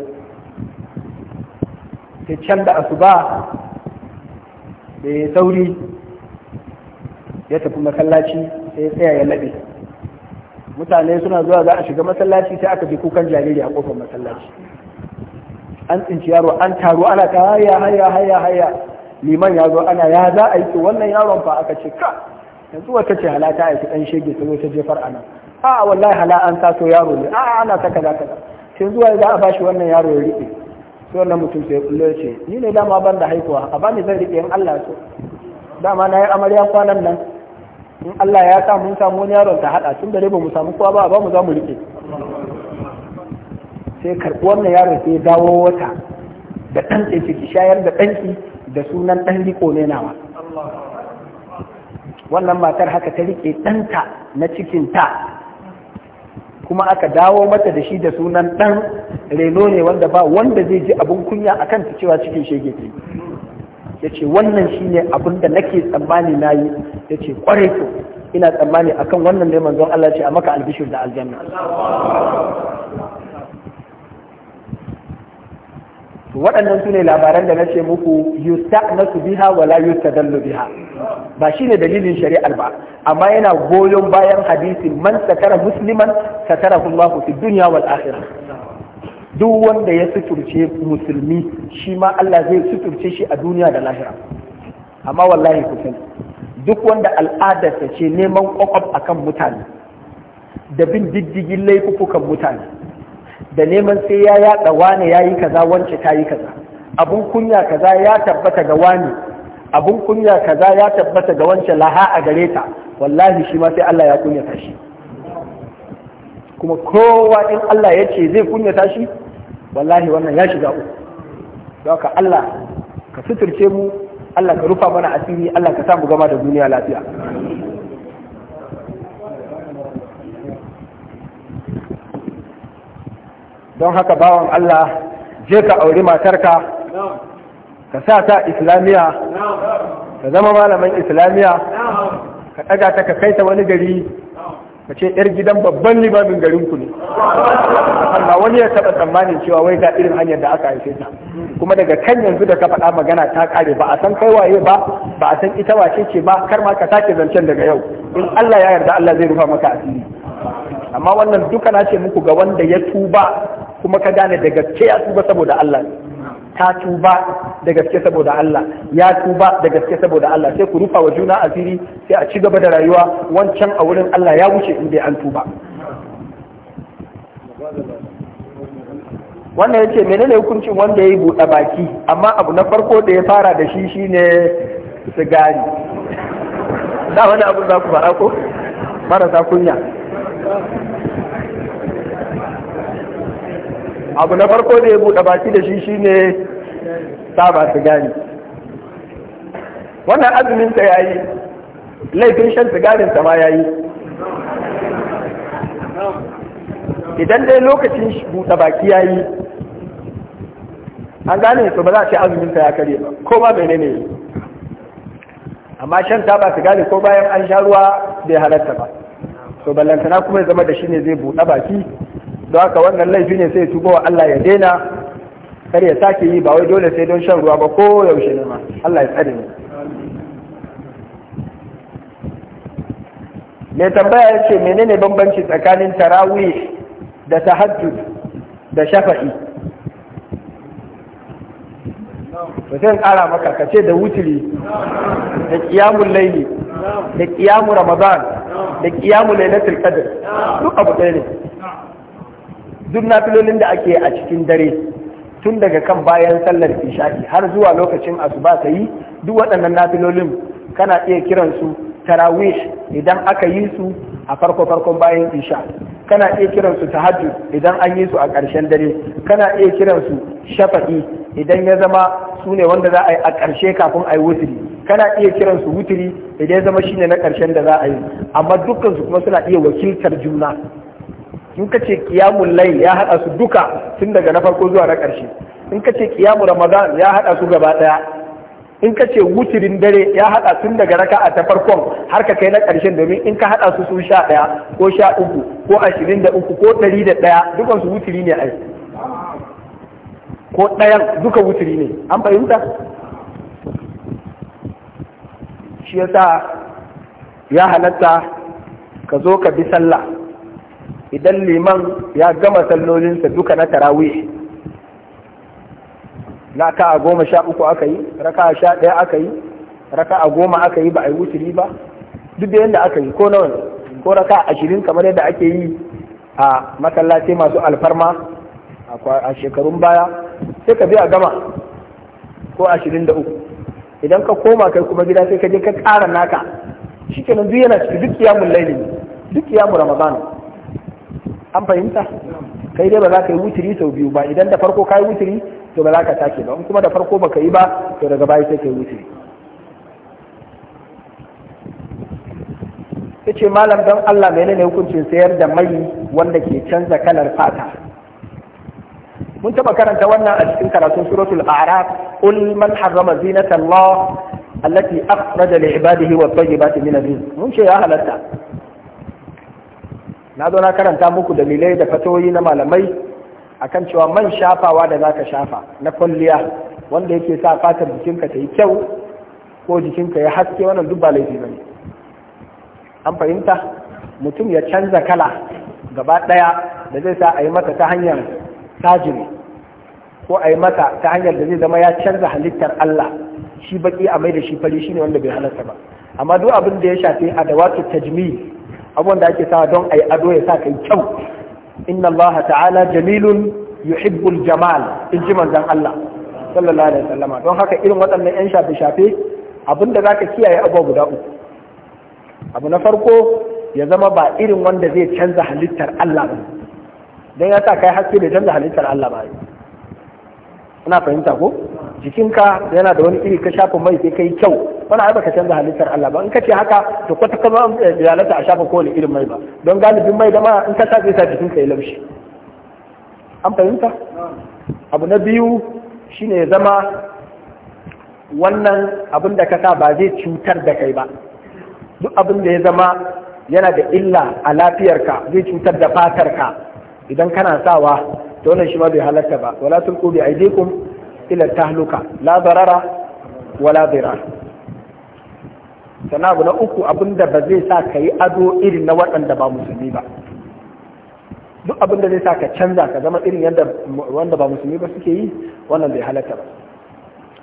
sai can da asuba da ya sauri ya tafi masallaci sai ya tsaya ya laɓe mutane suna zuwa za a shiga masallaci sai aka bi kukan jariri a kofar masallaci an tsinci yaro an taro ana ta haya haya haya haya liman ya zo ana ya za a yi wannan yaron fa aka ce ka yanzu wata ce hala ta aiki ɗan shege ta zo ta jefar a nan a wallahi hala an taso yaro ne a ana ta kaza kaza sai zuwa za a bashi wannan yaro ya riƙe sai wannan mutum sai kullo ce ni ne dama ban da haihuwa a bani zan riƙe in Allah so dama na yi amarya kwanan nan in Allah ya sa mun samu wani yaron ta haɗa tun da ba mu samu kowa ba a ba mu za mu riƙe sai karɓi wannan yaro sai ya dawo wata da ɗan ɗanki ki shayar da ɗanki da sunan ɗan riko ne nawa wannan matar haka ta riƙe ɗanta na cikin ta kuma aka dawo mata da shi da sunan ɗan reno ne wanda ba wanda zai ji abin kunya a kanta cewa cikin shege ke ya ce wannan shi ne abin da nake tsammani na yi ya ce ƙwarai ko ina tsammani akan wannan ne manzon Allah ce a maka albishir da aljanna waɗannan su ne labaran da na ce muku Yusta su biha wala Yusta yustadallu biha ba shine dalilin shari'ar ba amma yana goyon bayan hadisi man satara musliman satarahu Allah fi dunya wal akhirah duk wanda ya suturce musulmi shi ma Allah zai suturce shi a duniya da lahira amma wallahi ku sani duk wanda al'adarsa ce neman a akan mutane da bin diddigin laifukan mutane da neman sai ya yaɗa wane ya yi kaza wance ta yi kaza abun kunya kaza ya tabbata ga wani abun kunya kaza ya tabbata ga wance laha a gare ta wallahi shi ma sai Allah ya kunyata shi kuma kowa in Allah ya ce zai kunyata shi wallahi wannan ya shiga uku don ka Allah ka suturce mu Allah ka rufa mana asiri Allah ka samu gama da duniya lafiya don haka bawan Allah je ka auri matarka ka sa ta islamiya ka zama malamin islamiya ka ɗaga ta ka kai ta wani gari ka ce yar gidan babban limamin garin ku ne amma wani ya taɓa tsammanin cewa wai ga irin hanyar da aka haife ta kuma daga kan yanzu da ka faɗa magana ta ƙare ba a san kai waye ba ba a san ita wace ce ba kar ma ka sake zancen daga yau in Allah ya yarda Allah zai rufa maka asiri amma wannan duka na ce muku ga wanda ya tuba kuma ka gane da gaske ya tuba saboda Allah ta tuba da gaske saboda Allah ya tuba da gaske saboda Allah sai ku rufa wa juna asiri sai a ci gaba da rayuwa wancan a wurin Allah ya wuce in dai an tuba wannan yace menene hukuncin wanda ya yi buɗe baki amma abu na farko da ya fara da shi shine sigari da wani abu za ku fara ko marasa kunya abu na farko da ya buɗe baki da shi shine saba sigari wannan azumin sa yayi laifin shan sigarin sa ma yayi idan dai lokacin buɗe baki yayi an gane su ba za a ce azumin ya kare ba ko ba menene ne amma shan taba sigari ko bayan an sha ruwa bai halatta ba to ballantana kuma ya zama da shi ne zai buɗe baki don haka wannan laifi ne sai ya tuba wa Allah ya daina kar ya sake yi ba wai dole sai don shan ruwa ba ko yaushe ne ma Allah ya tsare mu mai tambaya ya ce menene bambanci tsakanin tarawih da tahajjud da shafa'i sai ƙara maka ka ce da wutiri da ƙiyamun laili da ƙiyamun ramadan da ƙiyamun lailatul qadr duk abu ɗaya ne duk nafilolin da ake a cikin dare tun daga kan bayan sallar isha'i har zuwa lokacin asuba ta yi duk waɗannan nafilolin kana iya kiransu tarawih idan aka yi su a farko farkon bayan isha kana iya kiransu tahajjud idan an yi su a ƙarshen dare kana iya kiransu shafa'i idan ya zama su ne wanda za a yi a ƙarshe kafin a yi wutiri kana iya kiransu wuturi idan ya zama shi ne na ƙarshen da za a yi amma dukkansu kuma suna iya wakiltar juna in ka ce kiyamun lai ya haɗa su duka tun daga na farko zuwa na ƙarshe in ka ce kiyamu ramadan ya haɗa su gaba ɗaya in ka ce wutirin dare ya haɗa tun daga raka a ta farkon har ka kai na ƙarshen domin in ka haɗa su su sha ɗaya ko sha uku ko ashirin da uku ko ɗari da ɗaya dukan su ne ai ko ɗayan duka wutiri ne an fahimta shi yasa ya halatta ka zo ka bi sallah idan liman ya gama sallolinsa duka na tarawih a goma sha uku aka yi a sha ɗaya aka yi a goma aka yi ba a yi wuturi ba duk da yadda aka yi ko nawa ko a ashirin kamar yadda ake yi a masallaci masu alfarma a shekarun baya sai ka biya gama ko ashirin da uku idan ka koma kai kuma gida sai ka je ka ƙara naka shi kenan duk yana ciki duk kiyamun laili duk kiyamun ramadan an fahimta kai dai ba za ka yi wuturi sau biyu ba idan da farko ka yi wuturi to ba za ka sake ba in kuma da farko baka yi ba to daga baya sai ka yi wuce ce malam don Allah mai menene hukuncin sayar da mai wanda ke canza kalar fata mun taɓa karanta wannan a cikin karatun suratul a'raf qul man harrama zinata Allah allati akhraja li ibadihi wa tayyibati min rizq mun ce ya halatta na zo na karanta muku dalilai da fatoyi na malamai akan cewa man shafawa da zaka shafa na kwalliya wanda yake sa fatar jikinka ta yi kyau ko jikinka ya haske wannan duk ba laifi an fahimta mutum ya canza kala gaba ɗaya da zai sa a yi mata ta hanyar tajiri ko a yi mata ta hanyar da zai zama ya canza halittar Allah shi baki a mai da shi fari shine wanda bai halarta ba amma duk abin da ya shafi a wato tajmi abubuwan da ake sawa don a yi ado ya sa kai kyau inna Allah ta'ala jamilun yuhibbul jamal in ji manzon Allah sallallahu alaihi wasallama don haka irin waɗannan yan shafe-shafe abinda zaka kiyaye abu guda uku abu na farko ya zama ba irin wanda zai canza halittar Allah ba ya sa kai haske da canza halittar Allah ba ina fahimta ko jikinka yana da wani iri ka shafa mai sai kai kyau wani ai baka canza halittar Allah ba in kace haka to kwata kama lalata a shafa kowane irin mai ba don galibin mai da in ka sa zai sa jikin ka ya laushi an fahimta abu na biyu shine ya zama wannan abin da ka sa ba zai cutar da kai ba duk abin da ya zama yana da illa a lafiyar ka zai cutar da fatar ka idan kana sawa to wannan shi ma bai halarta ba wala tulqu bi aidikum ila tahluka la darara wala dirar Sana abu na uku abin da ba zai sa ka yi ado irin na waɗanda ba musulmi ba duk abin da zai sa ka canza ka zama irin yadda wanda ba musulmi ba suke yi wannan bai halatta ba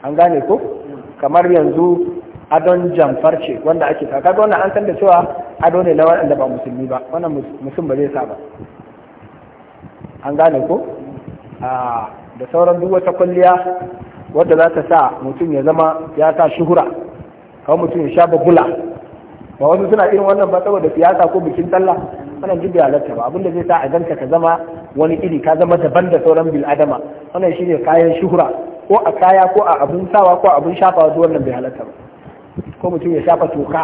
an gane ko kamar yanzu adon jamfar ce wanda ake sa kaga wannan an san da cewa ado ne na waɗanda ba musulmi ba wannan musulmi ba zai sa ba an gane ko da sauran duk wata kwalliya wadda za ta sa mutum ya zama ya sa shuhura kawai mutum ya sha babula ba wasu suna irin wannan ba saboda siyasa ko bikin talla wannan jibi bai halatta ba abinda zai sa a ganka ka zama wani iri ka zama daban da sauran bil adama wannan shine kayan shuhura ko a kaya ko a abun sawa ko a abun shafawa duk wannan bai halatta ba ko mutum ya shafa toka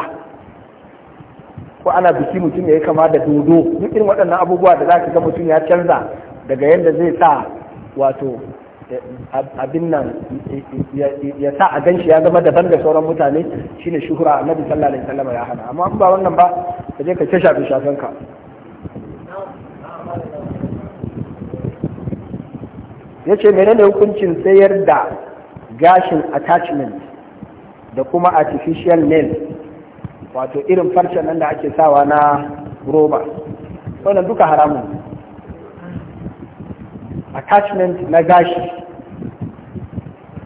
ko ana biki mutum ya yi kama da dodo duk irin waɗannan abubuwa da za ka ga mutum ya canza daga yadda zai sa wato abin nan ya sa a ganshi ya zama daban da sauran mutane shine shuhura annabi sallallahu alaihi wasallam ya hana amma ba wannan ba ka je ka ce shafi shafin ka yace menene hukuncin sayar da gashin attachment da kuma artificial nail wato irin farcen nan da ake sawa na roba wannan duka haramun attachment na gashi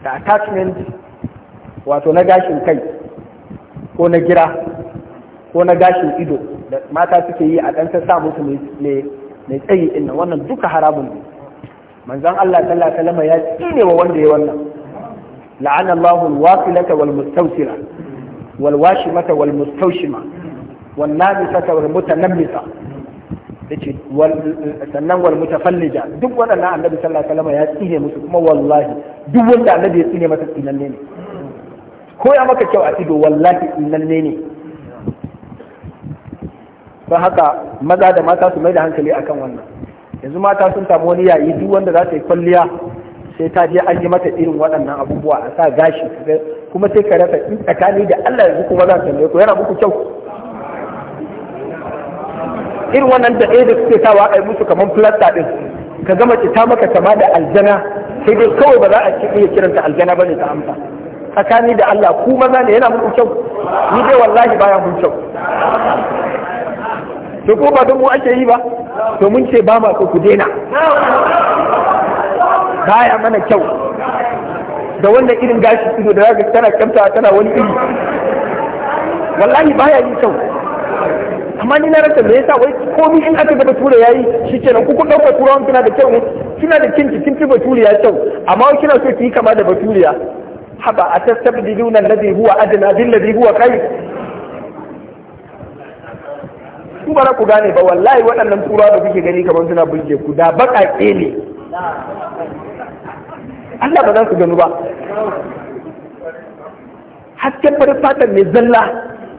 da attachment wato na gashin kai ko na gira ko na gashin ido da mata suke yi a ɗan sa musu mai tsayi ɗin wannan duka haramun ne manzon Allah sallallahu alaihi wasallam ya tsine wa wanda ya wannan la'ana Allahu al-wasilata wal mustawsira wal washimata wal mustawshima wan nabisata wal mutanamisa yace sannan wal mutafallija duk wannan annabi sallallahu alaihi wasallam ya tsine musu kuma wallahi duk wanda annabi ya tsine masa tsinan ne ko ya maka kyau a ido wallahi tsinan ne don haka maza da mata su mai da hankali akan wannan yanzu mata sun samu wani yayi duk wanda za ta yi kwalliya sai ta je an yi mata irin waɗannan abubuwa a sa gashi kuma sai ka rasa in tsakani da Allah yanzu kuma za ta tambaye yana muku kyau irin wannan da ɗaya da suke sawa a yi musu kamar filasta ɗin ka gama ta maka sama da aljana sai dai kawai ba za a iya kiranta aljana ba ne ta amsa tsakani da Allah ku maza ne yana muku kyau ni dai wallahi baya mun kyau to ko ba don mu ake yi ba to mun ce ba ma ko ku daina baya mana kyau da wannan irin gashi ido da zaka tana kamta tana wani iri wallahi baya yi kyau amma ni na rasa me yasa wai komi in aka ga bature yayi shikenan ku kun dauka turawan kina da kyau ne kina da kinki kin fi baturiya kyau amma wai kina so ki yi kama da baturiya haba a tastabdiluna alladhi huwa adna bil ladhi huwa khair ku bara ku gane ba wallahi waɗannan turawa da kuke gani kamar suna burge ku da baƙaƙe ne Allah ba za su gano ba hasken farin fatan mai zalla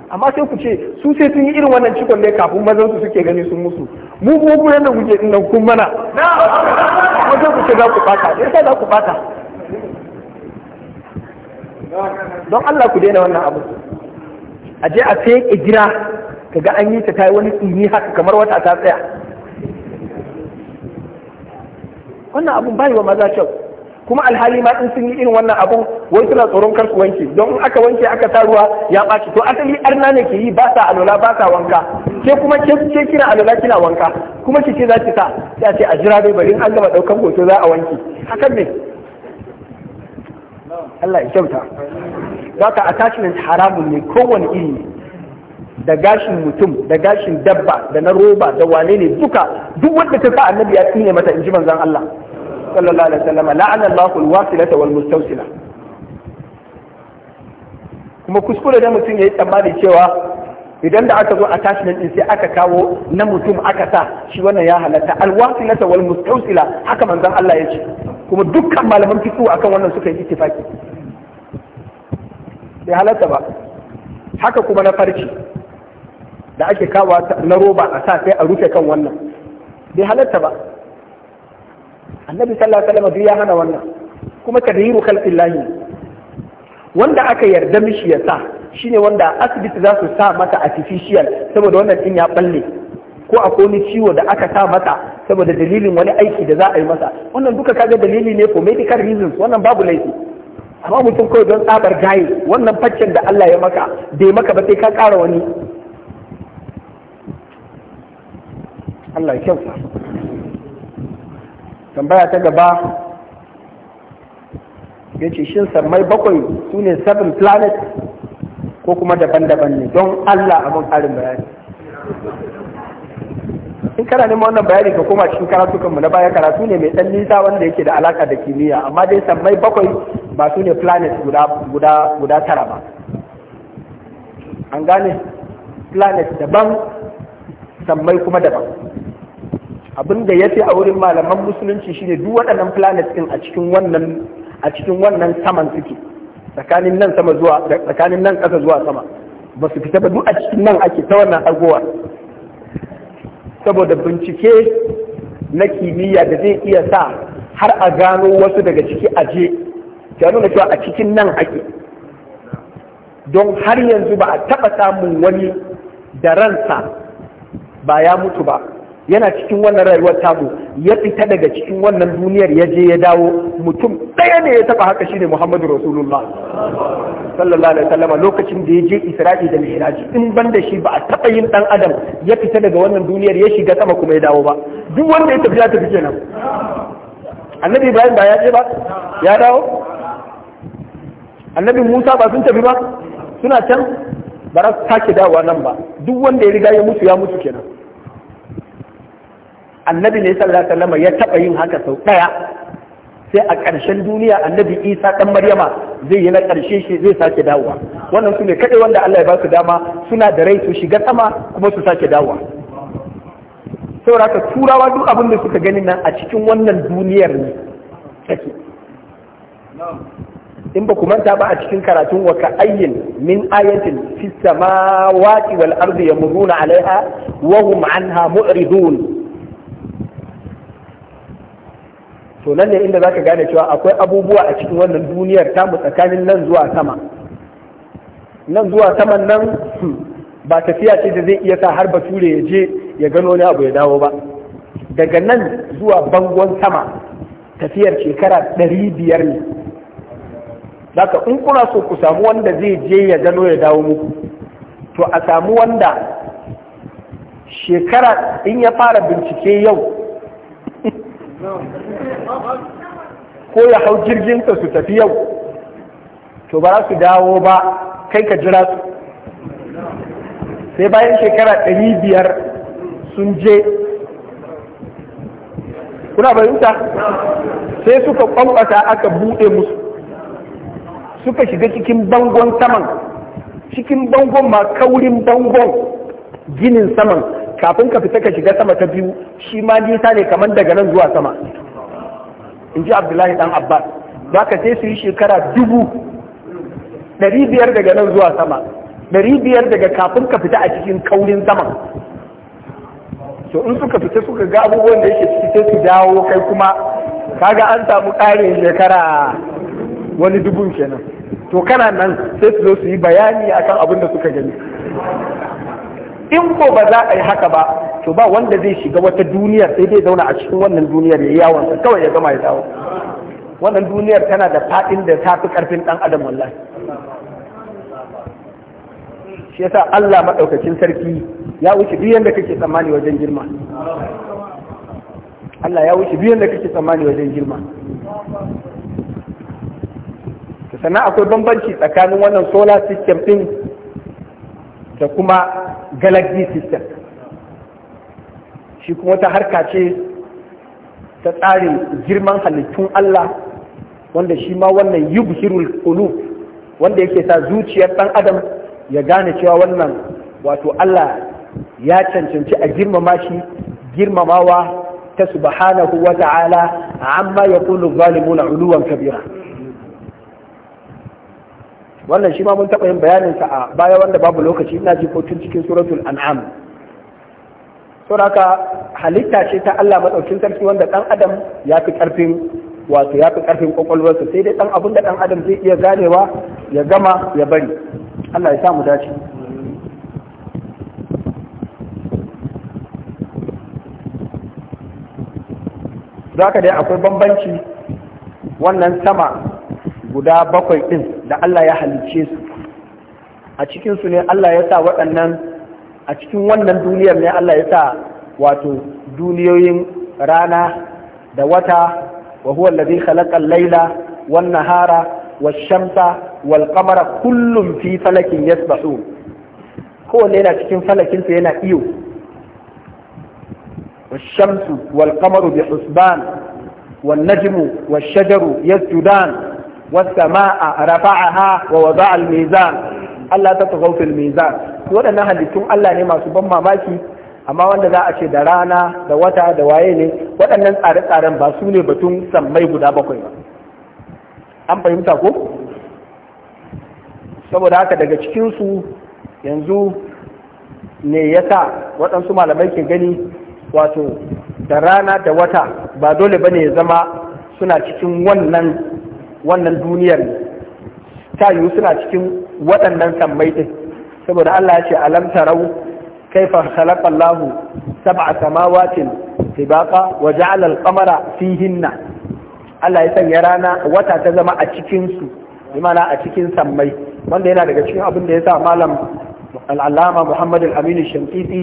amma sai ku ce su sai sun yi irin wannan cikon ne kafin mazan su suke gani sun musu mu kuma ku yanda muke din nan kun mana amma sai ku ce za ku bata sai za ku bata don Allah ku daina wannan abu a je a feke jira kaga an yi ta tayi wani tsini haka kamar wata ta tsaya wannan abun bai wa maza kyau kuma alhali ma in sun yi irin wannan abun wai suna tsoron kar su wanke don in aka wanke aka sa ruwa ya ɓaci to asali arna ne ke yi ba sa alola ba sa wanka ke kuma ke ke kina alola kina wanka kuma ki ce za ki sa ya ce a jira dai bari in an gama ɗaukan hoto za a wanke hakan ne Allah ya kyauta ka attachment haramun ne kowane iri da gashin mutum da gashin dabba da na roba da wane ne duka duk wanda ta sa annabi ya tsine mata in ji manzon Allah sallallahu alaihi wasallam la'ana Allahu al-wasilata kuma kuskure da mutum ya yi tsammani cewa idan da aka zo a tashin din sai aka kawo na mutum aka sa shi wannan ya halatta alwasilata wasilata wal mustawsila haka manzon Allah ya ce kuma dukkan malaman fiqh akan wannan suka yi ittifaki bai halatta ba haka kuma na farci da ake kawo na roba a sa sai a rufe kan wannan bai halatta ba annabi sallallahu alaihi wasallam duk ya hana wannan kuma tadhiru khalqillahi wanda aka yarda mishi ya sa shine wanda asibiti za su sa mata artificial saboda wannan din ya balle ko a wani ciwo da aka sa mata saboda dalilin wani aiki da za a yi masa wannan duka kaga dalili ne for medical reasons wannan babu laifi amma mutum kawai don tsabar gaye wannan faccen da Allah ya maka bai maka ba sai ka kara wani Allah ya kyauta tambaya ta gaba ya ce shin sammai bakwai su ne seven planet ko kuma daban-daban ne don Allah abin karin bayani in kana neman wannan bayani ka koma cikin kanmu na baya karatu ne mai ɗan nisa wanda yake da alaka da kimiyya amma dai sammai bakwai ba su ne planet guda tara ba an gane planet daban sammai kuma daban abin da ya fi a wurin malaman musulunci shine duk waɗannan planet ɗin a cikin wannan a cikin wannan saman suke tsakanin nan sama zuwa tsakanin nan ƙasa zuwa sama ba su fita ba duk a cikin nan ake ta wannan agowar saboda bincike na kimiyya da zai iya sa har a gano wasu daga ciki aje ya nuna cewa a cikin nan ake don har yanzu ba a taɓa samun wani da ransa ba ya mutu ba yana cikin wannan rayuwar tamu ya fita daga cikin wannan duniyar ya je ya dawo mutum ɗaya ne ya taɓa haka shi ne Muhammadu Rasulullah sallallahu alaihi wasallam lokacin da ya je Isra'i da Mi'raj in ban da shi ba a taɓa yin dan adam ya fita daga wannan duniyar ya shiga sama kuma ya dawo ba duk wanda ya tafi ya tafi kenan Annabi Ibrahim ba ya je ba ya dawo Annabi Musa ba sun tafi ba suna can ba za su sake dawowa nan ba duk wanda ya riga ya mutu ya mutu kenan annabi ne sallallahu alaihi wasallam ya taba yin haka sau daya sai a ƙarshen duniya annabi isa dan maryama zai yi na ƙarshe shi zai sake dawowa wannan su ne kaɗai wanda allah ya ba su dama suna da rai su shiga sama kuma su sake dawowa saboda turawa duk abin da suka gani nan a cikin wannan duniyar ne take in ba ku manta ba a cikin karatun wa ka ayyin min ayatin fi samawati wal ardi yamuruna alaiha wa hum anha mu'ridun to nan ne inda zaka gane cewa akwai abubuwa a cikin wannan duniyar tamu tsakanin nan zuwa sama nan zuwa saman nan hmm, ba tafiya ce da zai iya sa har bature ya je ya gano wani abu ya dawo ba daga nan zuwa bangon sama tafiyar shekara ɗari biyar ne zaka in kuna so ku samu wanda zai je ya gano ya dawo muku to a samu wanda shekara in ya fara bincike yau ko ya hau jirginsa su tafi yau to ba su dawo ba kai ka jira su sai bayan shekara ɗari biyar sun je kuna bayanta sai suka kwamfata aka buɗe musu suka shiga cikin bangon saman cikin bangon ma kaurin bangon ginin saman kafin ka fita ka shiga sama ta biyu shi ma nisa ne kamar daga nan zuwa sama in ji abdullahi dan abbas za ka sai su yi shekara dubu ɗari biyar daga nan zuwa sama ɗari biyar daga kafin ka fita a cikin kaurin sama to in suka fita suka ga abubuwan da yake ciki sai su dawo kai kuma kaga an samu ƙarin shekara wani dubun kenan to kana nan sai su zo su yi bayani akan abin da suka gani in ko ba za a yi haka ba to ba wanda zai shiga wata duniyar sai zai zauna a cikin wannan duniyar ya yawon kawai ya gama ya dawo wannan duniyar tana da fadin da ta fi karfin dan adam wallahi shi yasa Allah madaukakin sarki ya wuce duk yanda kake tsammani wajen girma Allah ya wuce duk yanda kake tsammani wajen girma sannan akwai bambanci tsakanin wannan solar system din da kuma galaxy system shi kuma ta harka ce ta tsarin girman halittun Allah wanda shi ma wannan yubhirul qulub wanda yake sa zuciyar ɗan adam ya gane cewa wannan wato Allah ya cancanci a girmama shi girmamawa ta subhanahu wa ta'ala amma yaqulu zalimuna uluwan kabira wannan shi ma mun taɓa yin bayanin sa a baya wanda babu lokaci ina ji kotun cikin suratul an'am saboda halitta ce ta Allah madaukin sarki wanda dan adam ya fi karfin wato ya fi karfin sa, sai dai dan abun da dan adam zai iya ganewa ya gama ya bari Allah ya sa mu dace za dai akwai bambanci wannan sama guda bakwai ɗin da Allah ya halicce su a cikinsu ne Allah ya sa waɗannan a cikin wannan duniyar ne Allah ya sa wato duniyoyin rana da wata wa huwa alladhi khalaqa al-laila wan nahara wash-shamsa wal-qamara kullun fi falakin yasbahun kowanne yana cikin falakinsa yana iyo wash-shamsu wal-qamaru bi husban wan najmu wash-shajaru yasjudan wasama'a rafa'aha wa wada'a al-mizan Allah ta tagaw fil mizan waɗannan halittun Allah ne masu ban mamaki amma wanda za a ce da rana da wata da waye ne waɗannan tsare-tsaren ba su ne batun sammai guda bakwai ba an fahimta ko saboda haka daga cikinsu yanzu ne ya sa waɗansu malamai ke gani wato da rana da wata ba dole ba ne ya zama suna cikin wannan wannan duniyar ne ta yiwu suna cikin waɗannan sammai ɗin saboda Allah ya ce alam tarau fa khalaqa Allah sab'a samawatin tibaqa wa ja'ala al-qamara fihinna Allah ya sanya rana wata ta zama a cikinsu. imana a cikin sammai wanda yana daga cikin abin da ya sa malam al'alama Muhammad al-Aminu Shamkiti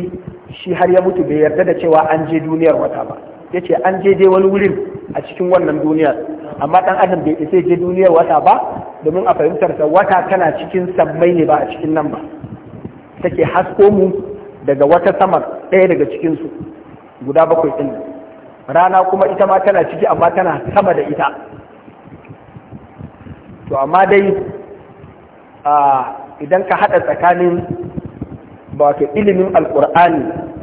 shi har ya mutu bai yarda da cewa an je duniyar wata ba yace an je dai wani wurin a cikin wannan duniyar amma ɗan adam bai isa je duniya wata ba domin a fahimtar sa wata tana cikin sammai ne ba a cikin nan ba take hasko mu daga wata sama ɗaya daga cikin su guda bakwai ɗin rana kuma ita ma tana ciki amma tana sama da ita to amma dai idan ka haɗa tsakanin wato ilimin Alƙur'ani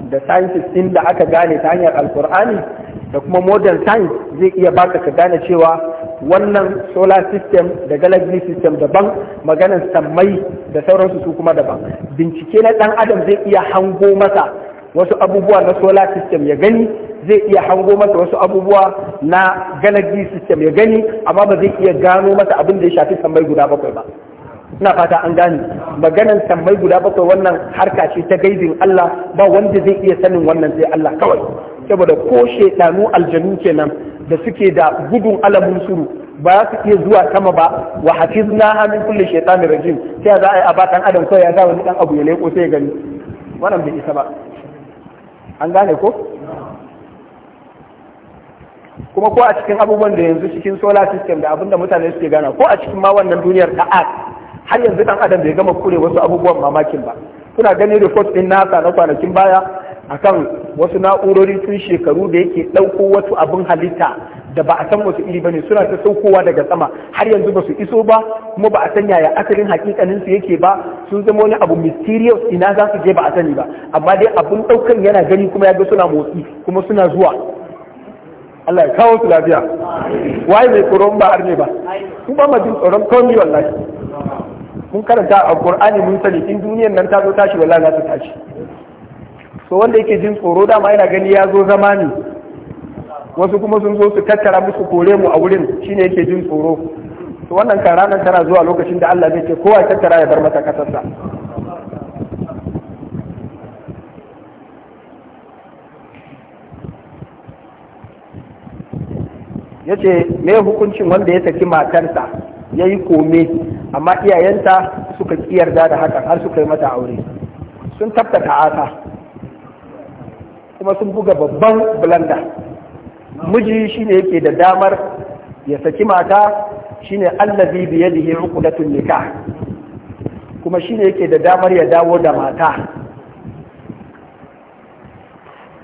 da sciences ɗin da aka gane ta hanyar Alƙur'ani. da kuma modern science zai iya baka ka gane cewa wannan solar system da galaxy system daban maganan sammai da sauransu su kuma daban bincike na dan adam zai iya hango masa wasu abubuwa na solar system ya gani zai iya hango masa wasu abubuwa na galaxy system ya gani amma ba zai iya gano masa abin da ya shafi sammai guda bakwai ba ina fata an gane maganan sammai guda bakwai wannan harka ce ta gaibin Allah ba wanda zai iya sanin wannan sai Allah kawai saboda ko shedanu aljanu kenan da suke da gudun alamun suru ba su iya zuwa kama ba wa na hamin kulle shaytanir rajim sai za a yi abatan adam kawai ya ga wani dan abu ya leko sai gani wannan bai isa ba an gane ko kuma ko a cikin abubuwan da yanzu cikin solar system da abinda mutane suke gana ko a cikin ma wannan duniyar ta art har yanzu dan adam bai gama kure wasu abubuwan mamakin ba kuna gani report din nasa na kwanakin baya akan wasu na'urori tun shekaru da yake ɗauko wasu abin halitta da ba a san wasu iri bane suna ta saukowa daga sama har yanzu ba su iso ba kuma ba a san yaya asalin hakikanin su yake ba sun zama wani abu mysterious ina za su je ba a sani ba amma dai abin ɗaukan yana gani kuma ya ga suna motsi kuma suna zuwa Allah ya kawo su lafiya waye mai tsoron ba ne ba kun ba jin tsoron kawai wallahi mun karanta a qur'ani mun sani in duniyar nan ta zo tashi wallahi za ta tashi to wanda yake jin tsoro dama yana gani ya zo zama ne wasu kuma sun zo su tattara musu kore mu a wurin shine yake jin tsoro to wannan kan ranar tana zuwa lokacin da Allah zai ce kowa tattara ya bar mata kasarsa ya ce me hukuncin wanda ya saki matarsa ya yi kome amma iyayenta suka ƙi yarda da hakan har suka yi mata aure sun tabbata aka kuma sun buga babban blanda miji shine yake da damar ya saki mata shine allazi bi yadihi uqdatun nikah kuma shine yake da damar ya dawo da mata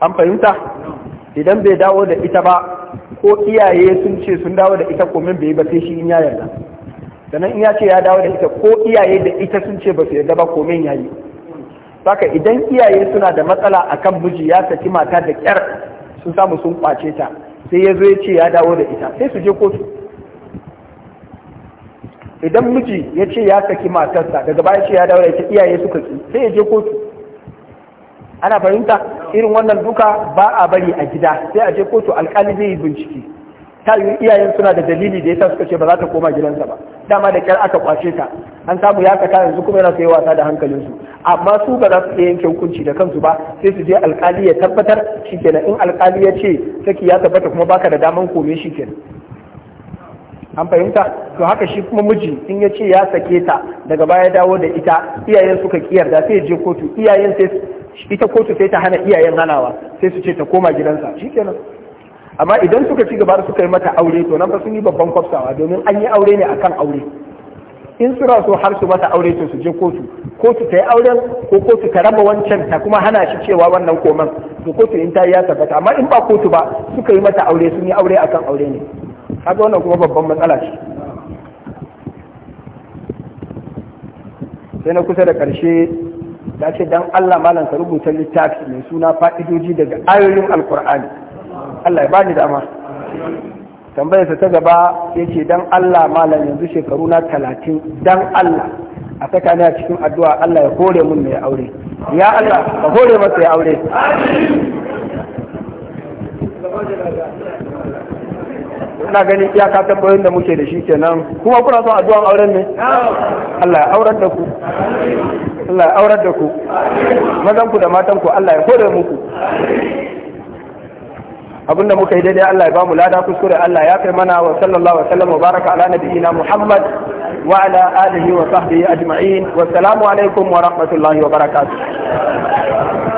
an fahimta idan bai dawo da ita ba ko iyaye sun ce sun dawo da ita komin bai yi ba sai shi in ya yarda sannan in ya ce ya dawo da ita ko iyaye da ita sun ce ba su yarda ba komin ya yi saka idan iyaye suna da matsala akan miji ya saki mata da kyar sun samu sun kwace ta sai ya zo ya ce ya dawo da ita sai su je kotu idan miji ya ce ya saki matarsa daga baya ce ya dawo da ita iyaye suka ki sai ya je kotu ana fahimta irin wannan duka ba a bari a gida sai a je kotu alkali zai yi bincike ta yi iyayen suna da dalili da yasa suka ce ba za ta koma gidansa ba dama da kyar aka kwashe ta an samu ya kata yanzu kuma yana sai wasa da hankalinsu amma su ba za su iya yanke hukunci da kansu ba sai su je alkali ya tabbatar shikenan in alkali ya ce saki ya tabbata kuma baka da daman kome shikenan an fahimta to haka shi kuma miji in ya ce ya sake ta daga baya dawo da ita iyayen suka yarda sai je kotu iyayen sai ita kotu sai ta hana iyayen hanawa sai su ce ta koma gidansa shikenan amma idan suka ci gaba suka yi mata aure to nan fa sun yi babban kwafsawa domin an yi aure ne akan aure in suna so har su mata aure to su je kotu kotu ta yi auren ko kotu ta raba wancan ta kuma hana shi cewa wannan koman to kotu in ta yi ya tabbata amma in ba kotu ba suka yi mata aure sun yi aure akan aure ne kaga wannan kuma babban matsala ce sai na kusa da ƙarshe ta ce dan Allah malam ka rubuta littafi mai suna fa'idoji daga ayoyin alkur'ani Allah ya bani dama Tambayar ta gaba ya ce don Allah malam yanzu shekaru na talatin don Allah a saka ni a cikin addu'a Allah ya hore mun mai aure ya Allah ka hore masa ya aure ina ya ka tambayoyin da muke da shi kenan kuma kuna son addu'an auren ne Allah ya aurar da ku Allah ya aurar da ku mazan ku da matan ku Allah ya hore muku abinda muka yi daidai Allah ya bamu lada kuskure Allah ya kai mana wa sallallahu wa sallam wa baraka ala nabiyina Muhammad wa ala alihi wa sahbihi ajma'in wa assalamu alaikum wa rahmatullahi wa barakatuh